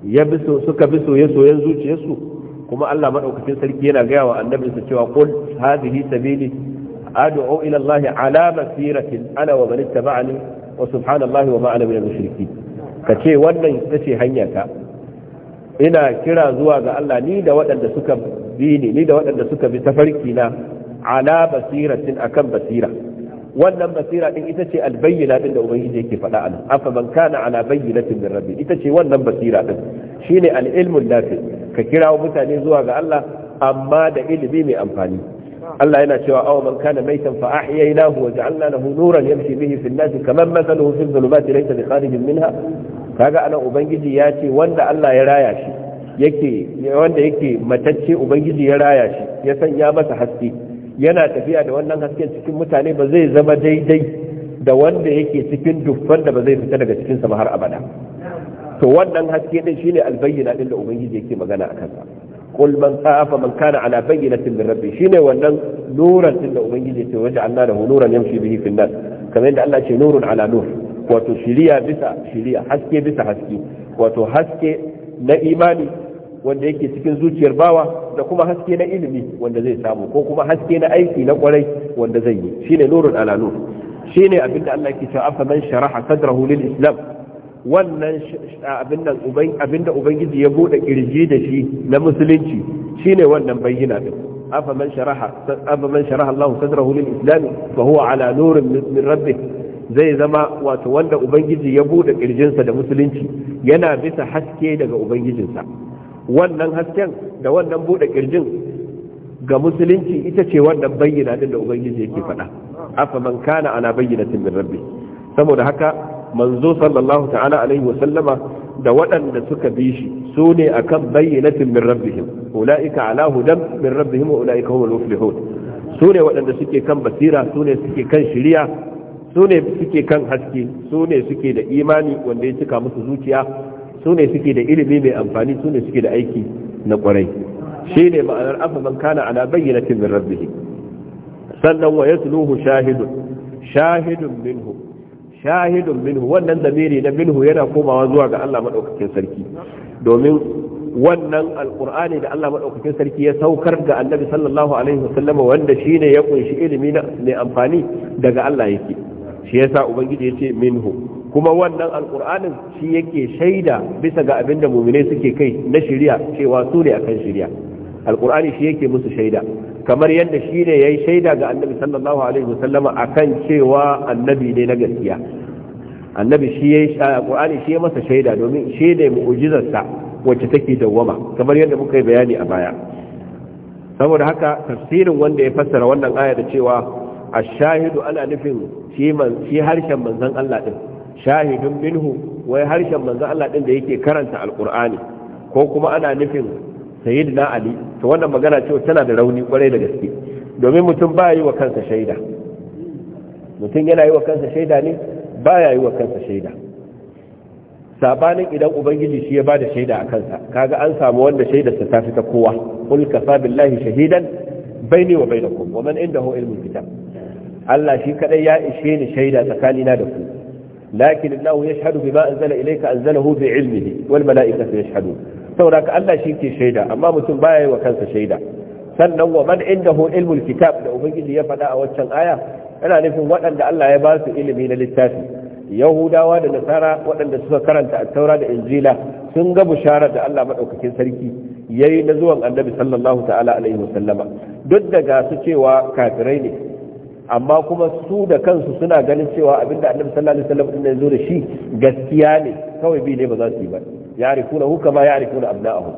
ya biso suka bi soya soyen zuciyarsu kuma Allah madaukakin sarki yana gaya wa sa cewa qul hadhihi sabili ad'u ila Allah ala basiratin ana wa man ittaba'ani wa subhanallahi wa ma ana minal mushrikin kace wannan kace ta. ina kira zuwa ga Allah ni da waɗanda suka bi ni ni da waɗanda suka bi tafarki na ala basiratin akan basira wannan basira din ita ce albayyana din da ubangiji yake faɗa anan afa man kana ala bayyinatin min rabbi ita ce wannan basira din shine al-ilmul nafi ka kirawo mutane zuwa ga Allah amma da ilimi mai amfani Allah yana cewa awa man kana maitan fa ahyaynahu wa ja'alna lahu nuran yamshi bihi fil nas kaman mathaluhu fi dhulumati laysa bi kharijin minha kaga anan ubangiji ya ce wanda Allah ya raya shi yake wanda yake matacce ubangiji ya raya shi ya sanya masa haske yana tafiya da wannan hasken cikin mutane ba zai zama daidai da wanda yake cikin dufan da ba zai fita daga cikinsa ba har abada to wannan haske din shine albayyana din da ubangiji yake magana a kansa qul man afa man kana ala bayyinatin min rabbi shine wannan nuran din da ubangiji ce waje Allah da nuran yamshi bihi fil nas kamar Allah ce nurun ala nur wato shiriya bisa shiriya haske bisa haske wato haske na imani wanda yake cikin zuciyar bawa da kuma haske na ilimi wanda zai samu ko kuma haske na aiki na kwarai wanda zai yi shine nurun ala nur shine abinda Allah yake cewa afa man sharaha sadrahu lil islam wannan abinda ubangiji ya bude kirji da shi na musulunci shine wannan bayyana din afa man sharaha afa man sharaha Allahu sadrahu lil islam fa huwa ala nurin min rabbih zai zama wato wanda ubangiji ya bude sa da musulunci yana bisa haske daga ubangijinsa wannan hasken da wannan bude kirjin ga musulunci ita ce wannan bayyana din da ubangiji yake faɗa afa man kana ala bayyinatin min rabbih saboda haka manzo sallallahu ta'ala alaihi wa sallama da waɗanda suka bi shi su ne akan bayyanatin min rabbihim ulaika ala hudan min rabbihim wa ulaika humul muflihun su ne waɗanda suke kan basira su ne suke kan shiriya su ne suke kan haske su ne suke da imani wanda ya cika musu zuciya su ne suke da ilimi mai amfani su ne suke da aiki na kwarai shi ne ma'anar afa man kana ala bayyinatin min rabbihi sannan wa yasluhu shahidun shahidun minhu shahidun minhu wannan zamiri na minhu yana komawa zuwa ga Allah madaukakin sarki domin wannan alqur'ani da Allah madaukakin sarki ya saukar ga annabi sallallahu alaihi wasallam wanda shine ya kunshi ilimi na mai amfani daga Allah yake shi yasa ubangiji yace minhu kuma wannan alqur'anin shi yake shaida bisa ga abinda muminai suke kai na shari'a cewa su ne akan shari'a alqur'ani shi yake musu shaida kamar yadda shi ne yayi shaida ga annabi sallallahu alaihi wasallama akan cewa annabi ne na gaskiya annabi shi yayi alqur'ani shi ya masa shaida domin shi ne mu'jizarsa wacce take dawwama kamar yadda muka yi bayani a baya saboda haka tafsirin wanda ya fassara wannan aya da cewa ash-shahidu ana nufin shi man shi harshen manzon Allah din shahidun minhu wai harshen manzon Allah din da yake karanta alqur'ani ko kuma ana nufin na ali to wannan magana ce tana da rauni kwarai da gaske domin mutum ba yi wa kansa shaida mutum yana yi wa kansa shaida ne ba ya yi wa kansa shaida sabanin idan ubangiji shi ya ba da shaida a kansa kaga an samu wanda shaidarsa ta fi ta kowa kul kafa billahi shahidan baini wa bainakum wa man indahu ilmul kitab Allah shi kadai ya ishe ni shaida tsakanina da ku lakin Allah ya shahadu bima anzala ilayka anzalahu bi ilmihi wal mala'ikatu yashhadun saboda ka Allah shi ke shaida amma mutum baya yi wa kansa shaida sannan wa man indahu ilmul kitab da ubangiji ya faɗa a waccan aya yana nufin waɗanda Allah ya ba su ilimi na littafi yahudawa da nasara waɗanda suka karanta a taura da injila sun ga bisharar da Allah maɗaukakin sarki yayi na zuwan annabi sallallahu ta'ala alaihi duk da gasu cewa kafirai ne amma kuma su da kansu suna ganin cewa abinda annabi sallallahu alaihi wasallam din ya zo da shi gaskiya ne kawai bi ne ba za su yi ba ya yarifuna hu kama yarifuna abna'ahum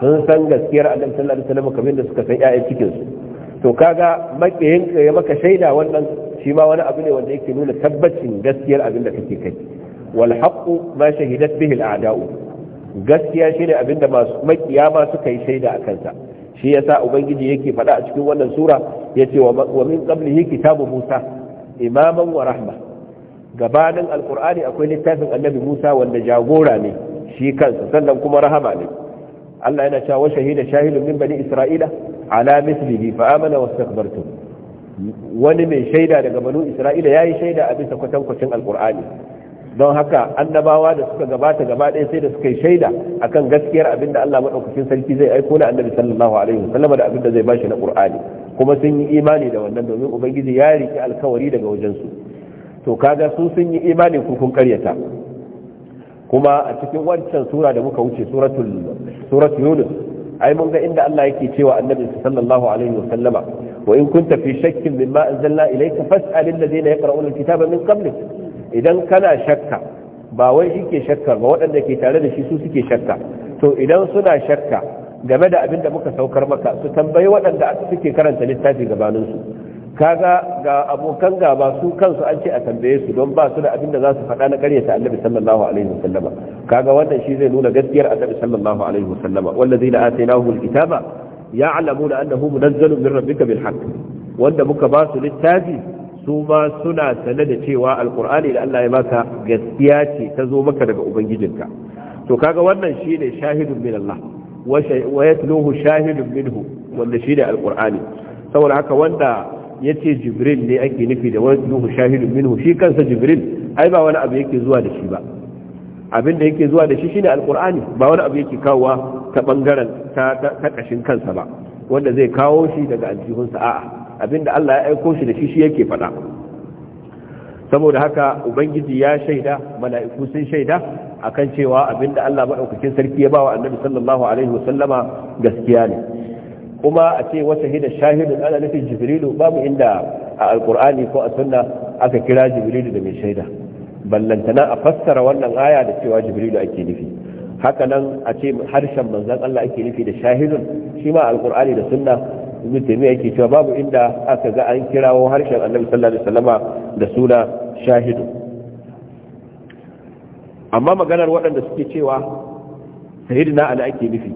sun san gaskiyar annabi sallallahu alaihi wasallam kamar da suka san ƴaƴan cikin su to kaga makiyin ya maka shaida wannan shi ma wani abu ne wanda yake nuna tabbacin gaskiyar abin da kake kai wal haqqu ma shahidat bihi al a'da'u gaskiya shine abin da masu makiya ma suka yi shaida akan sa shi yasa ubangiji yake faɗa a cikin wannan sura ce wa min qablihi kitabu Musa imaman wa rahma gabanin alqur'ani akwai littafin annabi Musa wanda jagora ne shi kansa sannan kuma rahama ne Allah yana cewa shahida shahidun min bani isra'ila ala mithlihi fa amana wastakbartum wani mai shaida daga banin isra'ila yayi shaida a bisa kwatankwacin alkur'ani don haka annabawa da suka gabata gaba ɗaya sai da suka yi shaida akan gaskiyar abinda da Allah maɗaukakin sarki zai aiko na annabi sallallahu alaihi wasallam da abinda zai bashi na qur'ani kuma sun yi imani da wannan domin ubangiji ya riki alkawari daga wajen su to kaga su sun yi imani ku kun karyata kuma a cikin wancan sura da muka wuce suratul suratul yunus ai mun ga inda Allah yake cewa annabi sallallahu alaihi wasallama wa in kunta fi shakkin mimma anzalna ilayka fas'al alladhina yaqra'una alkitaba min qablik idan kana shakka ba wai shi ke shakka ba waɗanda ke tare da shi su suke shakka to idan suna shakka game da abin da muka saukar maka su tambayi waɗanda suke karanta littafi gabaninsu kaga ga abokan gaba su kansu an ce a tambaye su don ba su da abin da za su faɗa na ƙaryata annabi sallallahu alaihi wasallama kaga wannan shi zai nuna gaskiyar annabi sallallahu alaihi wasallama wallazina atainahumul kitaba ya'lamuna annahu munazzalun min rabbika bil haqq wanda muka ba su littafi su suna sane da cewa alkur'ani da Allah ya maka gaskiya ce ta zo maka daga ubangijinka to kaga wannan shine shahidun min Allah wa yatluhu shahidun minhu wanda shine alkur'ani saboda haka wanda yace jibril ne ake nufi da wa yatluhu shahidun minhu shi kansa jibril ai ba wani abu yake zuwa da shi ba abin da yake zuwa da shi shine alkur'ani ba wani abu yake kawowa ta bangaren ta kashin kansa ba wanda zai kawo shi daga aljihunsa a'a abinda Allah ya aiko shi da shi shi yake faɗa saboda haka ubangiji ya shaida mala'iku sun shaida akan cewa abinda Allah madaukakin sarki ya bawa annabi sallallahu alaihi wasallama gaskiya ne kuma a ce wata hida shahidun ana nufin jibrilu babu inda a alkur'ani ko a sunna aka kira jibrilu da mai shaida ballantana a fassara wannan aya da cewa jibrilu ake nufi haka nan a ce harshen manzan Allah ake nufi da shahidun shi ma alkur'ani da sunna ibn taymiya yake cewa babu inda aka ga an kirawo harshen annabi sallallahu alaihi wasallama da suna shahidu amma maganar waɗanda suke cewa sayyidina ali ake nufi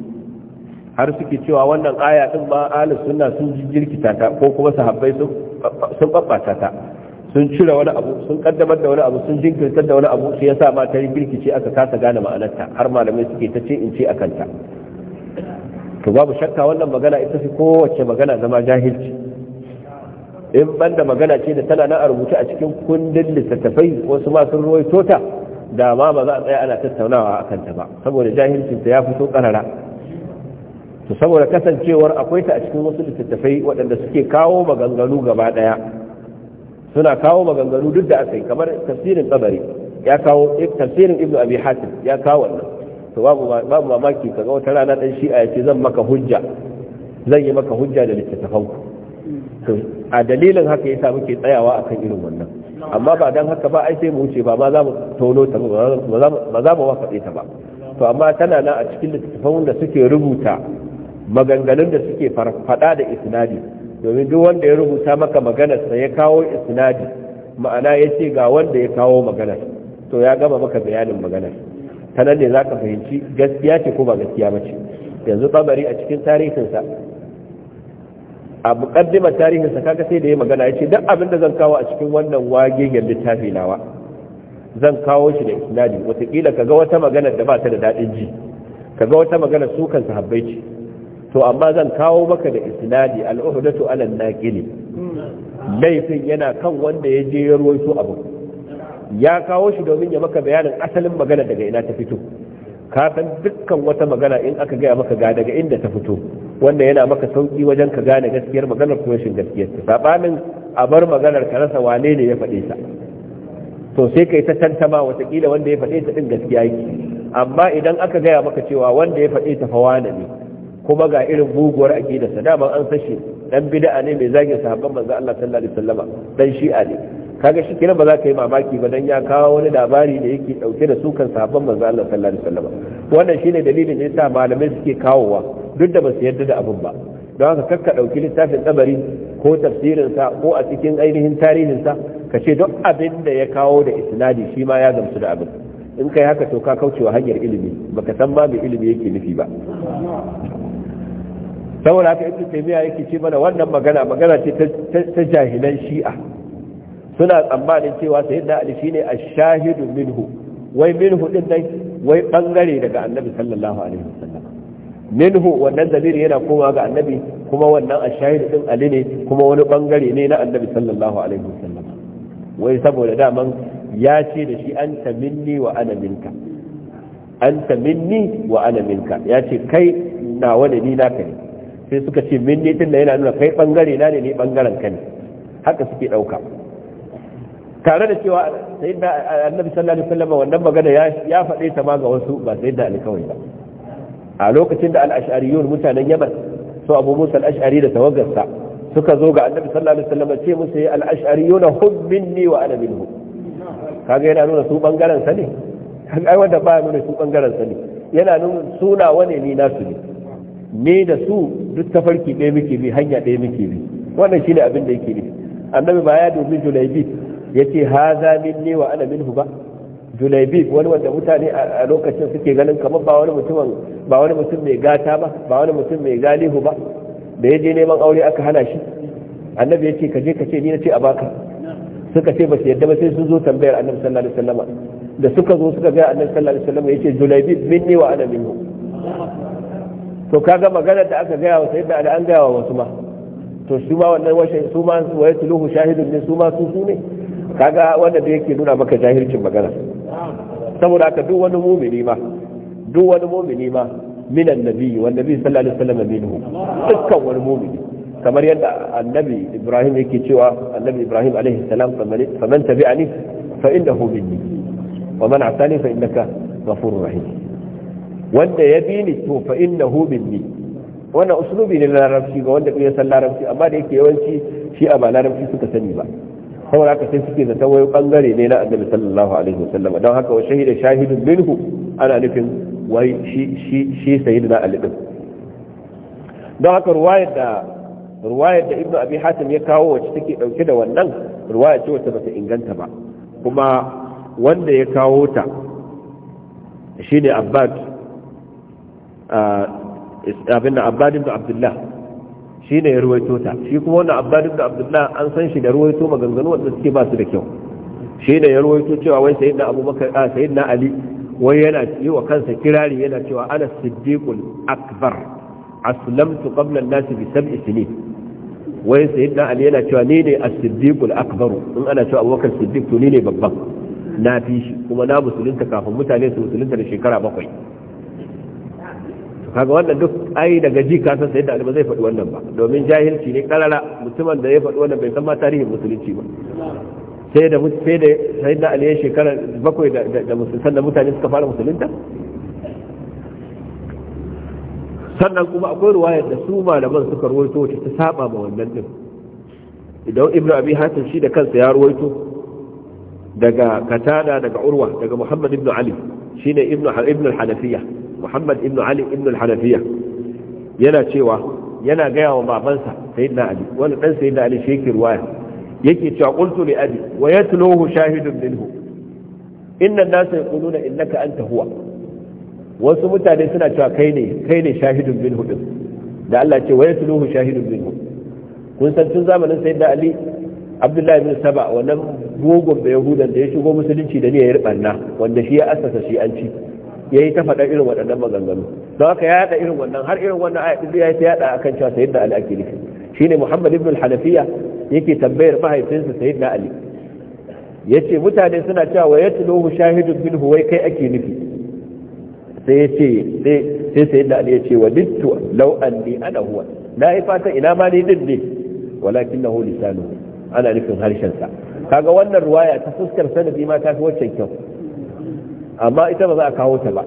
har suke cewa wannan aya din ma ahlus sunna sun jirkita ko kuma sahabbai sun babbata ta sun cire wani abu sun kaddamar da wani abu sun jinkirtar da wani abu shi yasa ma ta birkice aka kasa gane ma'anarta har malamai suke ta ce in ce akan ta to babu shakka wannan magana ita ce kowace magana zama jahilci in banda magana ce da tana nan a rubuce a cikin kundin littattafai wasu ma sun ruwaito ta da ma ba za a tsaya ana tattaunawa a kanta ba saboda jahilcin ta ya fito karara to saboda kasancewar akwai ta a cikin wasu littattafai waɗanda suke kawo maganganu gaba ɗaya suna kawo maganganu duk da aka yi kamar tafsirin tsabari ya kawo eh, tafsirin ibnu abi hatim ya kawo wannan to babu mamaki kaga wata rana dan shi'a ya ce zan maka hujja zan yi maka hujja da littattafan ku a dalilin haka yasa muke tsayawa akan irin wannan amma ba dan haka ba ai sai mu wuce ba ma za mu tono ta ba za mu wafa ta ba to amma tana nan a cikin littattafan da suke rubuta maganganun da suke faɗa da isnadi domin duk wanda ya rubuta maka maganarsa ya kawo isnadi ma'ana ya ce ga wanda ya kawo maganar to ya gama maka bayanin maganar ta nan ne za ka fahimci gaskiya ce ko ba gaskiya ba ce yanzu tabari a cikin tarihinsa a muƙaddimar tarihinsa kaga sai da ya magana ya ce duk abin da zan kawo a cikin wannan ya littafi nawa zan kawo shi da isnadi wataƙila kaga wata maganar da ba ta da daɗin ji kaga wata maganar su kansa habbai ce to amma zan kawo maka da isnadi al-uhdatu ala naqili laifin yana kan wanda ya je ya ruwaito abu ya kawo shi domin ya maka bayanin asalin magana daga ina ta fito ka san dukkan wata magana in aka gaya maka ga daga inda ta fito wanda yana maka sauki wajen ka gane gaskiyar maganar ko shin gaskiyar ta sabanin a bar maganar ka rasa wane ne ya faɗe ta to sai kai ta tantama watakila wanda ya faɗe ta din gaskiya yake amma idan aka gaya maka cewa wanda ya faɗe ta fa wane ne kuma ga irin muguwar aqidarsa dama an sashi dan bid'a ne mai zagin sahabban manzo Allah sallallahu alaihi wasallama dan shi'a ne kaga shi kenan ba za ka yi mamaki ba dan ya kawo wani labari da yake dauke da sukan sahabban manzo Allah sallallahu alaihi wasallama wannan shine dalilin da yasa malamai suke kawowa duk da ba su yarda da abin ba don haka kakka dauki littafin tsabari ko tafsirin sa ko a cikin ainihin tarihin sa ka ce duk abin da ya kawo da isnadi shi ma ya gamsu da abin in kai haka to ka kaucewa hanyar ilimi baka san babu ilimi yake nufi ba saboda haka ibnu taymiya yake ce mana wannan magana magana ce ta jahilan shi'a suna tsammanin cewa sayyidina ali shine ash-shahidu minhu wai minhu din dai wai bangare daga annabi sallallahu alaihi wasallam minhu wannan zamiri yana komawa ga annabi kuma wannan ash-shahidu din ali ne kuma wani bangare ne na annabi sallallahu alaihi wasallam wai saboda daman ya ce da shi anta minni wa ana minka anta minni wa ana minka ya ce kai nawa da ni naka ne sai suka ce minni din da yana nuna kai bangare na ne ne bangaren ka ne haka suke dauka tare da cewa sayyidina annabi sallallahu alaihi wasallam wannan magana ya ya faɗe ta ma ga wasu ba sayyidina ali kawai ba a lokacin da al-ash'ariyun mutanen yaman su abu musa al-ash'ari da tawaggarsa suka zo ga annabi sallallahu alaihi wasallam ce musu ya al-ash'ariyuna hum minni wa ana minhum kaga yana nuna su bangaren sa ne kaga ai wanda ba nuna su bangaren sa ne yana nuna suna wane ni nasu ne ne da su duk tafarki ɗaya muke bi hanya ɗaya muke bi wannan shi ne abin da yake ne annabi ba ya domin julaibi yace haza ne wa ana minhu ba julaibi wani wanda mutane a lokacin suke ganin kamar ba wani mutum ba wani mutum mai gata ba ba wani mutum mai galihu ba da ya je neman aure aka hana shi annabi yace ka je ka ce ni na ce a baka suka ce ba su yadda ba sai sun zo tambayar annabi sallallahu alaihi wasallam da suka zo suka ga annabi sallallahu alaihi wasallam yace julaibi min ne wa ana minhu to kaga maganar da aka gaya wa sayyidina ali an gaya wa wasu ma to su ma wannan washe su ma wa yatluhu shahidun ne su ma su su ne kaga wanda da yake nuna maka jahilcin magana saboda haka duk wani mumini ma duk wani mumini ma min annabi wa annabi sallallahu alaihi wasallam minhu dukkan wani mumini kamar yadda annabi ibrahim yake cewa annabi ibrahim alaihi salam faman tabi'ani fa innahu minni wa man asani fa innaka ghafurur rahim wanda ya bi ni to fa innahu minni wannan uslubi ne na larabci ga wanda ya san larabci amma da yake yawanci shi a ba larabci suka sani ba saboda haka sai suke zaton wani bangare ne na annabi sallallahu alaihi wasallam don haka wa shahida shahidun minhu ana nufin wai shi shi shi sayyidina ali din don haka ruwayar da ruwayar da ibnu abi hatim ya kawo wacce take dauke da wannan ruwaya ce wacce bata inganta ba kuma wanda ya kawo ta shine abbad abin da abbad abdullah shi ne ya ruwaito ta shi kuma wannan abbad ibn abdullah an san shi da ruwaito maganganu wanda suke ba su da kyau shi ne ya ruwaito cewa wai sayid na abubakar a sayid na ali wai yana yi wa kansa kirari yana cewa ana siddiqul akbar aslamtu qabla an-nas bi sab'i sinin wai sayid na ali yana cewa ni ne as-siddiqul akbar in ana cewa abubakar siddiq to ni ne babban na fi shi kuma na musulunta kafin mutane su musulunta da shekara bakwai kaga wannan duk ai daga ji ka san sai ali zai faɗi wannan ba domin jahilci ne karara mutumin da ya faɗi wannan bai san ma tarihin musulunci ba sai da sai da sai da aliyar shekara bakwai da musulunci, sannan da mutane suka fara musulunta sannan kuma akwai ruwaya da su malaman suka ruwaito wacce ta saba ma wannan din idan ibnu abi hatim shi da kansa ya ruwaito daga katada daga urwa daga muhammad ibnu ali shine ibnu ibnu al-hanafiya muhammad ibn ali ibn al-hanafiya yana cewa yana gaya wa babansa sayyidina ali wani dan sayyidina ali shi yake ruwaya yake cewa qultu li abi wa yatluhu shahidun minhu inna an-nasa yaquluna innaka anta huwa wasu mutane suna cewa kai ne kai ne shahidun minhu din da Allah ce wa yatluhu shahidun minhu kun san tun zamanin sayyidina ali abdullahi bin saba wannan gogon da yahudan da ya shigo musulunci da ne ya ribanna wanda shi ya asasa shi an ci ya yi ta faɗa irin waɗannan maganganu don haka ya yada irin wannan har irin wannan ayat ya yi ta yaɗa a kan cewa sayid da ali ake nufi shi ne muhammad ibn al-hanafiya yake tambayar mahaifinsa sayid da ali ya ce mutane suna cewa wa yatluhu shahidun bin wai kai ake nufi sai ya ce sai sayid da ali ya ce wa dittu law anni ana huwa na yi fata ina ma ni din ne walakinahu sanu ana nufin harshen sa kaga wannan ruwaya ta fuskar sanadi ma ta fi wancan kyau amma ita ba za a kawo ta ba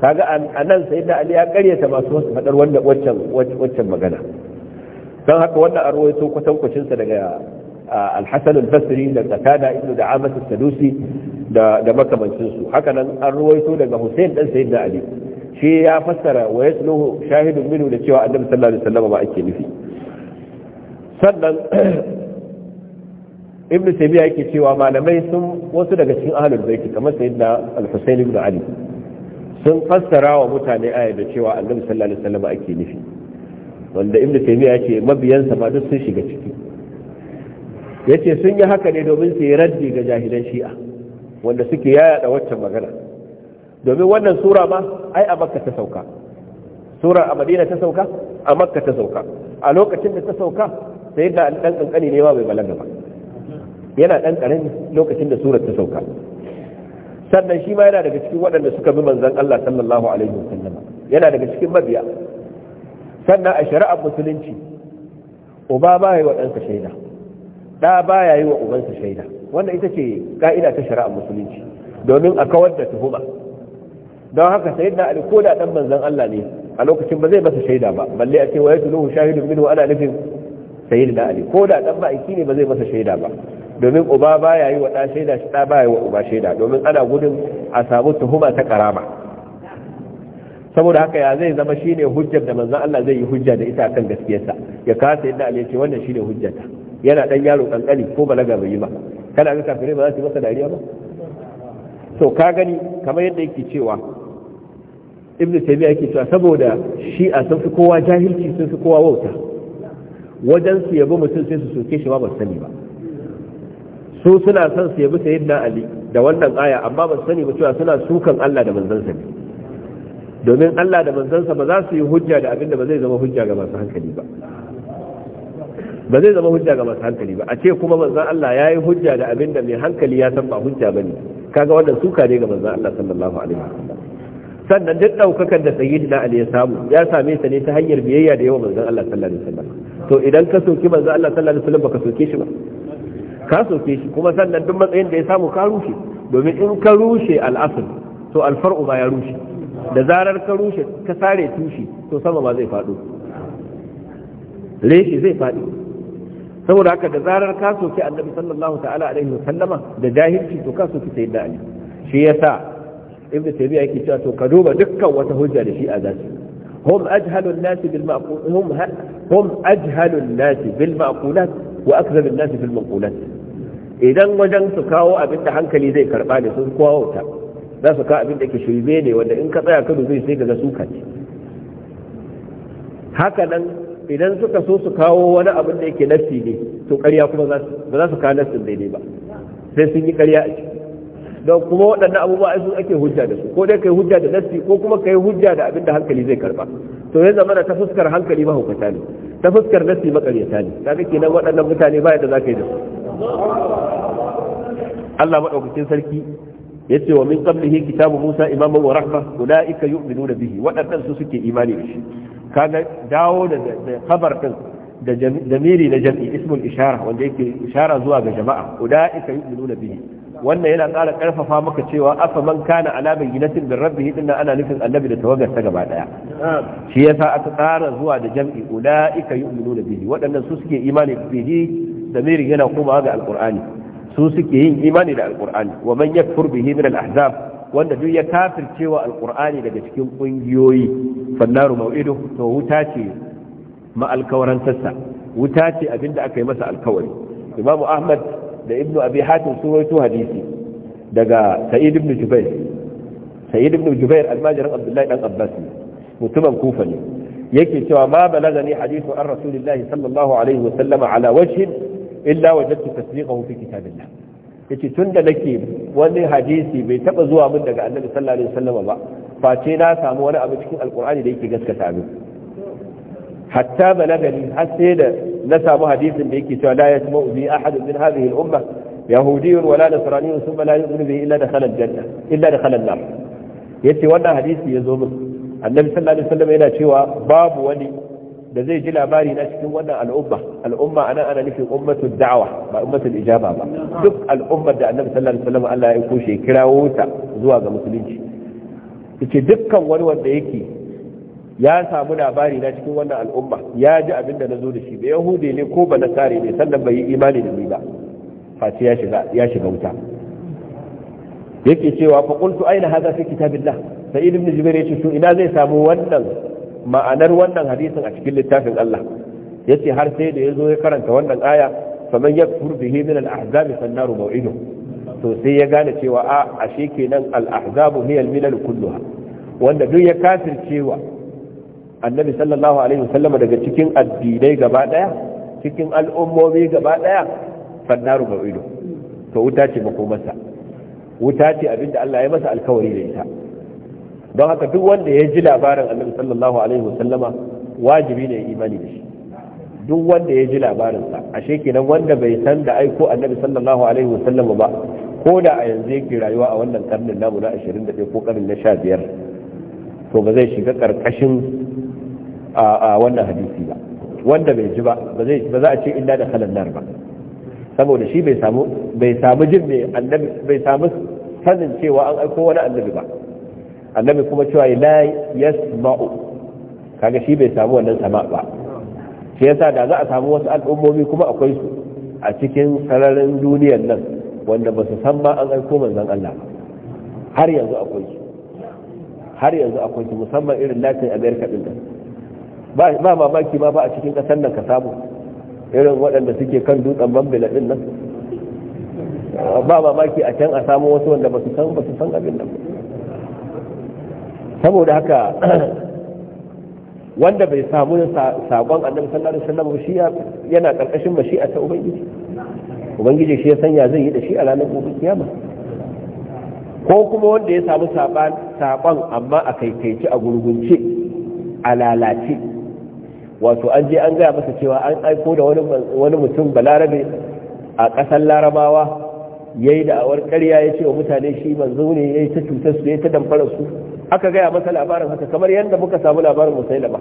kaga a nan sai da ali ya karyata masu wasu fadar wanda waccan magana don haka wannan a ruwaito kwatankwacin sa daga al-hasan al-basri da qatada ibnu da amas sadusi da da makamancin su haka nan an ruwaito daga husain dan sayyidina ali shi ya fassara wa yasluhu shahidun minhu da cewa annabi sallallahu alaihi wasallam ba ake nufi sannan [clears throat] ibn taymiya yake cewa malamai sun wasu daga cikin ahlul baiti kamar sayyidina al-husayn ibn ali sun fassara wa mutane ayar da cewa annabi sallallahu alaihi wasallam ake nufi wanda ibn taymiya mabiyan sa ma duk sun shiga ciki yace sun yi haka ne domin su yi raddi ga jahilan shi'a wanda suke yaya da waccan magana domin wannan sura ma ai a makka ta sauka sura a madina ta sauka a makka ta sauka a lokacin da ta sauka sayyidina al dan kankani ne ma bai balaga ba yana ɗan ƙarin lokacin da surar ta sauka sannan shi ma yana daga cikin waɗanda suka bi manzan Allah sallallahu alaihi wasallam yana daga cikin mabiya sannan a shari'ar musulunci uba ba yi wa ɗansa shaida ɗa ba ya yi wa ubansa shaida wannan ita ce ka'ida ta shari'ar musulunci domin a kawar da tuhuma don haka sai da ali da ɗan manzan Allah ne a lokacin ba zai masa shaida ba balle a ce wa yatluhu shahidun minhu ana nufin sayyidina ali ko koda dan ma'aiki ne ba zai masa shaida ba domin uba ba ya yi wa ɗa shaida shi ɗa yi wa uba shaida domin ana gudun a samu tuhuma ta karama saboda haka ya zai zama shine hujjar da manzan Allah zai yi hujja da ita kan gaskiyarsa ya kasa yadda Ali ce wannan shine hujjata yana dan yaro kankani ko balaga bai yi ba kana ga kafirai ba za su masa dariya ba to ka gani kamar yadda yake cewa ibn taymiya yake cewa saboda shi'a sun fi kowa jahilci sun fi kowa wauta wajen su yabo mutum sai su soke shi ba ba sani ba su suna son su yabi sayyidina ali da wannan aya amma ba sani ba cewa suna sukan Allah da manzansa ne domin Allah da manzansa ba za su yi hujja da abin da ba zai zama hujja ga masu hankali ba ba zai zama hujja ga masu hankali ba a ce kuma manzan Allah ya yi hujja da abin da mai hankali ya san ba hujja ba ne kaga wannan suka ne ga manzan Allah sallallahu alaihi wasallam sannan duk ɗaukakar da sayyidina Ali ya samu ya same ta ne ta hanyar biyayya da yawa manzan Allah sallallahu alaihi wasallam to idan ka soki manzan Allah sallallahu alaihi wasallam baka soke shi ba ka soke shi kuma sannan duk matsayin da ya samu ka rushe domin in ka rushe al'asal to alfar'u ba ya rushe da zarar ka rushe ka sare tushe to sama ba zai faɗo reshe zai faɗi saboda haka da zarar ka soke annabi sallallahu ta'ala alaihi wa sallama da jahilci to ka soke sayyidina ali shi yasa ibnu taymiya yake cewa to ka duba dukkan wata hujja da shi a zasu هم أجهل الناس بالمعقول هم هم أجهل الناس بالمعقولات وأكذب الناس في المنقولات idan wajen su kawo abin da hankali zai karba ne sun kowa wauta za su kawo abin da ke shirme ne wanda in ka tsaya kudu zai sai ka ga suka ne haka nan idan suka so su kawo wani abin da yake nafi ne to ƙarya kuma ba za su kawo nafi daidai ba sai sun yi ƙarya a ciki don kuma waɗannan abubuwa su ake hujja da su ko dai ka yi hujja da nafi ko kuma ka yi hujja da abin da hankali zai karba to ya zama ta fuskar hankali mahaukata ne ta fuskar nafi makaryata ne ta kaga kenan waɗannan mutane ba yadda za ka yi da su Allah madaukakin sarki ya ce wa min qablihi kitabu Musa imaman wa rahma guda ika yi ulaika yu'minuna bihi waɗannan su suke imani da shi kaga dawo da khabar din da damiri na jam'i ismul ishara wanda yake ishara zuwa ga jama'a ulaika yu'minuna bihi wannan yana ƙara ƙarfafa maka cewa afa man kana ala bayyinatin min rabbi dinna ana nufin annabi da tawagar ta gaba ɗaya. shi yasa aka tsara zuwa da jam'i guda ika yi ulaika yu'minuna bihi Waɗannan su suke imani bihi damirin yana komawa ga alkur'ani su suke yin imani da alkur'ani wa man yakfur bihi min al-ahzab wanda duk ya kafircewa alkur'ani daga cikin kungiyoyi fannaru mau'idu to wuta ce ma alkawarantarsa wuta ce abinda aka yi masa alkawari imamu ahmad da Ibn abi hatim sun rawaito hadisi daga sa'id ibn jubair sa'id ibn jubair almajirin abdullahi dan abbas mutumin kufa ne yake cewa ma balagani hadithu an rasulillahi sallallahu alaihi wa sallama ala wajhin illa wajadtu tasdiqahu fi kitabillah yace tunda nake wani hadisi bai taba zuwa min daga annabi sallallahu alaihi wasallam ba face na samu wani abu cikin alqur'ani da yake gaskata abin hatta balagani har sai da na samu hadisin da yake cewa la yasma'u bi ahad min hadhihi al-umma yahudiyyun wala nasraniyyun thumma la yu'minu bihi illa dakhala al-janna illa dakhala an-nar yace wannan hadisi yazo min annabi sallallahu alaihi wasallam yana cewa babu wani da zai ji labari na cikin wannan al'umma al'umma anan ana nufin ummatul da'wa ba ummatul ijaba ba duk al'ummar da annabi sallallahu alaihi wasallam Allah ya kushe kirawo ta zuwa ga musulunci yace dukkan wani wanda yake ya samu labari na cikin wannan al'umma ya ji abin da nazo da shi ba yahudi ne ko ba nasare ne sannan bai yi imani da ni ba face ya shiga ya shiga wuta yake cewa fa qultu aina hadha fi kitabillah sai ibn jubair yace to ina zai samu wannan ma'anar wannan hadisin a cikin littafin Allah yace har sai da yazo ya karanta wannan aya faman yakfur bihi min al-ahzab fannaru maw'iduh to sai ya gane cewa a ashe kenan al-ahzab hiya al-milal kulluha wanda duk ya kafircewa annabi sallallahu alaihi wasallam daga cikin addinai gaba daya cikin al'ummomi gaba daya fannaru maw'iduh to wuta ce makomarsa wuta ce abinda Allah ya masa alkawari da ita don haka duk wanda ya ji labarin annabi sallallahu alaihi wasallama wajibi ne imani da shi duk wanda ya ji labarinsa ashe kenan wanda bai san da aiko annabi sallallahu alaihi wasallam ba ko da a yanzu yake rayuwa a wannan karnin namu na 21 ko karnin na 15 to ba zai shiga karkashin a wannan hadisi ba wanda bai ji ba ba za a ce illa da halan nar ba saboda shi bai samu bai samu jin mai annabi bai samu sanin cewa an aiko wani annabi ba annabi kuma cewa la yasma'u kaga shi bai samu wannan sama ba shi yasa da za a samu wasu al'ummomi kuma akwai su a cikin sararin duniyar nan wanda ba su san ba an aiko manzon Allah har yanzu akwai su har yanzu akwai su musamman irin latin america din nan ba mamaki ma ba a cikin kasar nan ka samu irin waɗanda suke kan dutsen bambila din nan ba mamaki a can a samu wasu wanda ba su san ba su san abin nan saboda haka wanda bai samu sakon annabi sallallahu alaihi wasallam shi yana karkashin a ta ubangiji ubangiji shi ya sanya zai yi da shi a ranar gobe kiyama ko kuma wanda ya samu sakon amma a kaikaici a gurgunce a lalace wato an je an gaya masa cewa an aiko da wani mutum balarabe a ƙasar larabawa ya yi da'awar ƙarya ya ce wa mutane shi manzo ne ya yi ta cutar su ya ta damfara su aka gaya masa labarin haka kamar yadda muka samu labarin musailama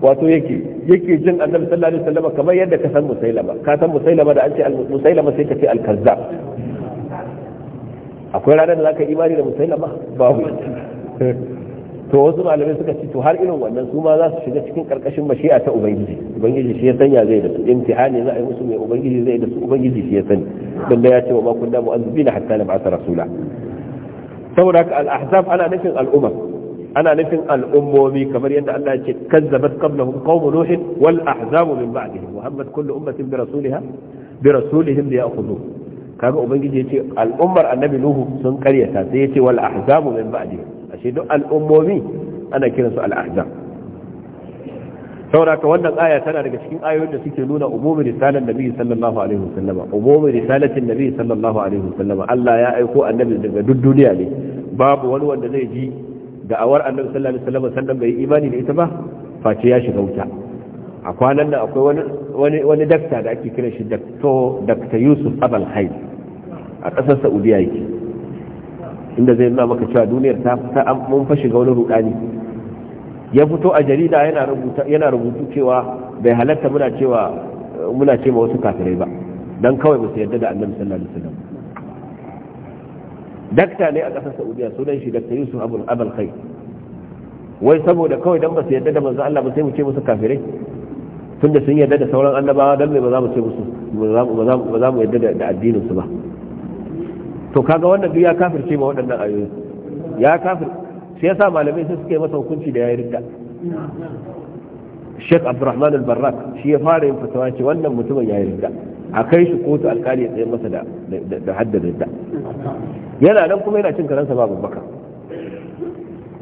wato yake yake jin annabi sallallahu alaihi wasallam kamar yadda ka san musailama ka san musailama da an ce musailama sai ka ce al akwai ranar da zaka imani da musailama babu to wasu malamai suka ce to har irin wannan su ma za su shiga cikin karkashin mashi'a ta ubangiji ubangiji shi ya sanya zai da su imtihani za a yi musu mai ubangiji zai da su ubangiji shi ya sani dan da ya ce wa ma kunna mu'azzibina hatta nab'atha rasula saboda haka al-ahzab ana nufin al'umma ana nufin al'ummomi kamar yadda Allah ya ce kazzabat qablahum qaum nuh wal ahzab min ba'dihim muhammad kullu ummatin bi rasulihha bi rasulihim liya'khudhu kaga ubangiji yace al'ummar annabi nuhu sun karyata sai yace wal ahzab min ba'dihim ashe duk al'ummomi ana kiransu al-ahzab saboda wannan aya tana daga cikin ayoyin da suke nuna umumin risalar nabi sallallahu alaihi wasallam umumin risalatin nabi sallallahu alaihi wasallam Allah ya aiko annabi daga duk duniya ne babu wani wanda zai ji da'awar annabi sallallahu alaihi wasallam sannan bai imani da ita ba face ya shiga wuta a kwanan nan akwai wani wani wani dakta da ake kira shi dakto dakta Yusuf Abal Hayy a kasar Saudiya yake inda zai nuna maka cewa duniyar ta mun fa shiga wani rudani ya fito a jarida yana rubuta yana rubutu cewa bai halatta muna cewa muna ce ma wasu kafirai ba dan kawai musu yadda da annabi sallallahu alaihi wasallam dakta ne a kasar saudiya sunan shi dakta yusuf abul abul khair wai saboda kawai dan basu yadda da manzo Allah ba sai mu ce musu kafirai tunda sun yadda da sauran annabawa dan me ba za mu ce musu ba za mu yadda da addinin su ba to kaga wannan duk ya kafirce ma waɗannan ayoyi ya kafir shi yasa malamai sai suka yi masa hukunci da yi ridda Sheikh Abdulrahman al-Barrak shi ya fara yin fatawa ce wannan mutumin yi ridda a kai shi kotu alkali ya tsaye masa da da haddar ridda yana nan kuma yana cin karansa babu baka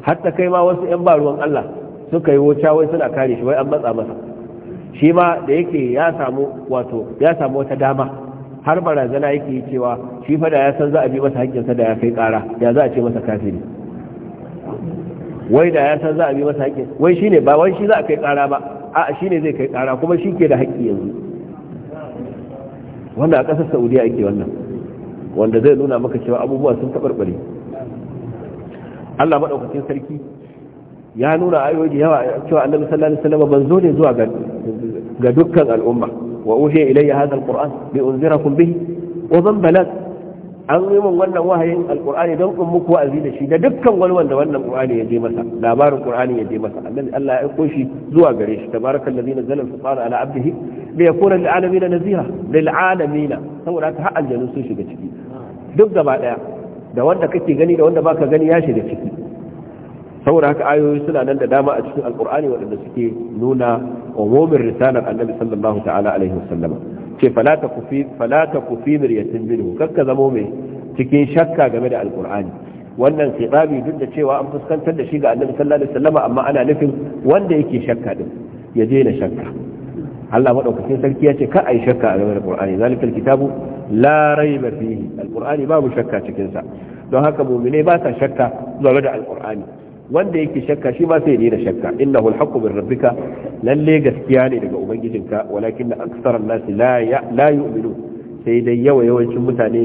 hatta kai ma wasu yan baruwan Allah suka yi wuce wai suna kare shi wai an matsa masa shi ma da yake ya samu wato ya samu wata dama har barazana yake cewa shi fa da ya san za a bi masa haƙƙinsa da ya kai kara ya za a ce masa kafiri wai da ya san za a bi masa haƙƙi wai shine ba wai shi za a kai ƙara ba a shine zai kai ƙara kuma shi ke da haƙƙi yanzu wanda a ƙasar saudiya ake wannan wanda zai nuna maka cewa abubuwa sun taɓarɓare allah maɗaukacin sarki ya nuna ayoyi yawa cewa annabi sallallahu alaihi wasallam ban zo ne zuwa ga dukkan al'umma wa uhiya ilayya hadha alquran li unzirakum bihi wa dhanbalat an yi min wannan wahayin alkurani don in muku wa'azi da shi da dukkan wani wanda wannan qur'ani ya je masa labarin qur'ani ya je masa annabi Allah ya aiko shi zuwa gare shi tabarakallazi nazzala al-furqana ala abdihi bi yakuna lil alamin nazira lil alamin saboda ta aljanu sun shiga ciki duk gaba daya da wanda kake gani da wanda baka gani ya shiga ciki saboda haka ayoyi suna nan da dama a cikin alkurani waɗanda suke nuna umumin risalar annabi sallallahu ta'ala alaihi wasallama ce falata kufi falata kufi miryatin minhu zamo mai cikin shakka game da alqur'ani wannan khitabi duk da cewa an fuskantar da shi ga annabi sallallahu alaihi wasallam amma ana nufin wanda yake shakka din ya na shakka Allah madaukakin sarki ya ce ka ai shakka game da alqur'ani zalikal kitabu la raiba fihi alqur'ani babu shakka cikin sa don haka mu'mine ba shakka game da alkur'ani wanda yake shakka shi ba sai ne da shakka innahu alhaqqu bir rabbika lalle gaskiya ne daga ubangijinka walakin aktharan nasi la la yu'minu sai dai yawa yawancin mutane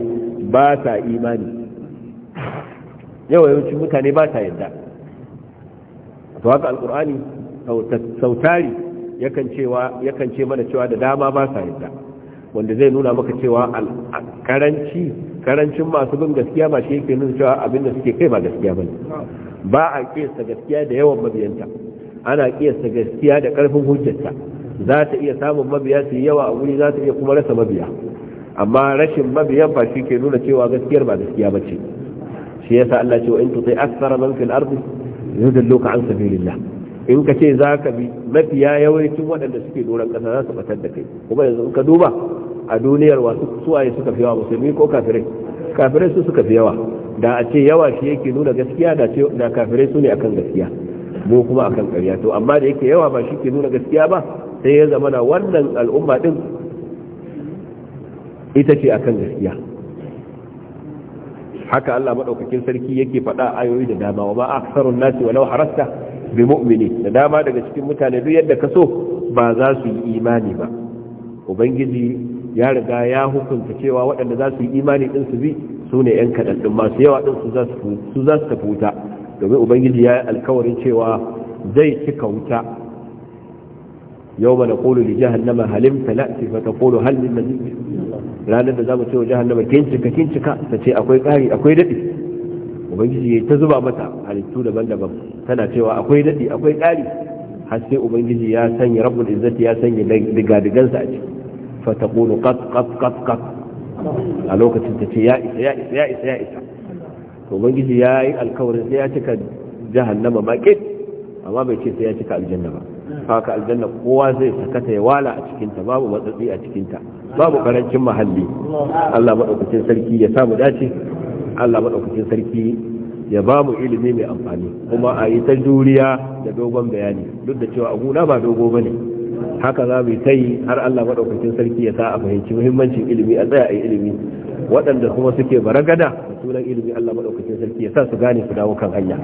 ba ta imani yawa yawancin mutane ba ta yadda to haka alqur'ani sautari yakan cewa yakan ce mana cewa da dama ba ta yadda wanda zai nuna maka cewa karanci karancin masu bin gaskiya ba shi yake nuna cewa abin da suke kai ba gaskiya bane ba a kiyasta gaskiya da yawan mabiyanta ana kiyasta gaskiya da karfin hujjarta za ta iya samun mabiya su yawa a wuri za ta iya kuma rasa mabiya amma rashin mabiyan ba shi ke nuna cewa gaskiyar ba gaskiya ba ce shi yasa Allah ce wa in tutai aksara man fil ardi loka an sabilillah in ka ce za ka bi mafiya yawancin waɗanda suke doron ƙasa za su batar da kai kuma yanzu ka duba a duniyar wasu suwaye suka fi yawa musulmi ko kafirai kafirai su suka fi yawa da a ce yawa shi yake nuna gaskiya da kafirai su ne akan gaskiya mu kuma akan ƙarya to amma da yake yawa ba shi ke nuna gaskiya ba sai ya zama na wannan al'umma din ita ce akan gaskiya haka Allah madaukakin sarki yake faɗa ayoyi da dama wa ma aksarun nasi walau harasta bi mu'mini da dama daga cikin mutane duk yadda ka so ba za su yi imani ba ubangiji ya riga ya hukunta cewa waɗanda za su yi imani ɗin su bi su ne yan kaɗan ɗin masu yawa ɗin su za su tafi wuta domin ubangiji ya yi alkawarin cewa zai cika wuta yau mana kolo da nama halim talati fa ta kolo halin mazid ranar da za mu ce wa jahannama kin cika kin cika ta ce akwai ƙari akwai daɗi ubangiji ya ta zuba mata halittu daban-daban tana cewa akwai daɗi akwai ƙari har sai ubangiji ya sanya rabbul izzati ya sanya diga-digansa a ciki فتقول قط قط قط قط a lokacin ta ce ya isa ya isa ya isa ya isa to ubangiji ya yi alkawarin sai ya cika jahannama maƙit amma bai ce sai ya cika aljanna ba haka aljanna kowa zai sakata ya wala a cikinta babu matsatsi a cikinta babu karancin muhalli Allah maɗaukacin sarki ya samu dace Allah maɗaukacin sarki ya ba mu ilimi mai amfani kuma a ta juriya da dogon bayani duk da cewa a ba dogo ba ne haka za mu yi har Allah madaukakin sarki ya sa a fahimci muhimmancin ilimi a tsaya a ilimi waɗanda kuma suke baragada sunan ilimi Allah maɗaukacin sarki ya sa su gane su dawo kan hanya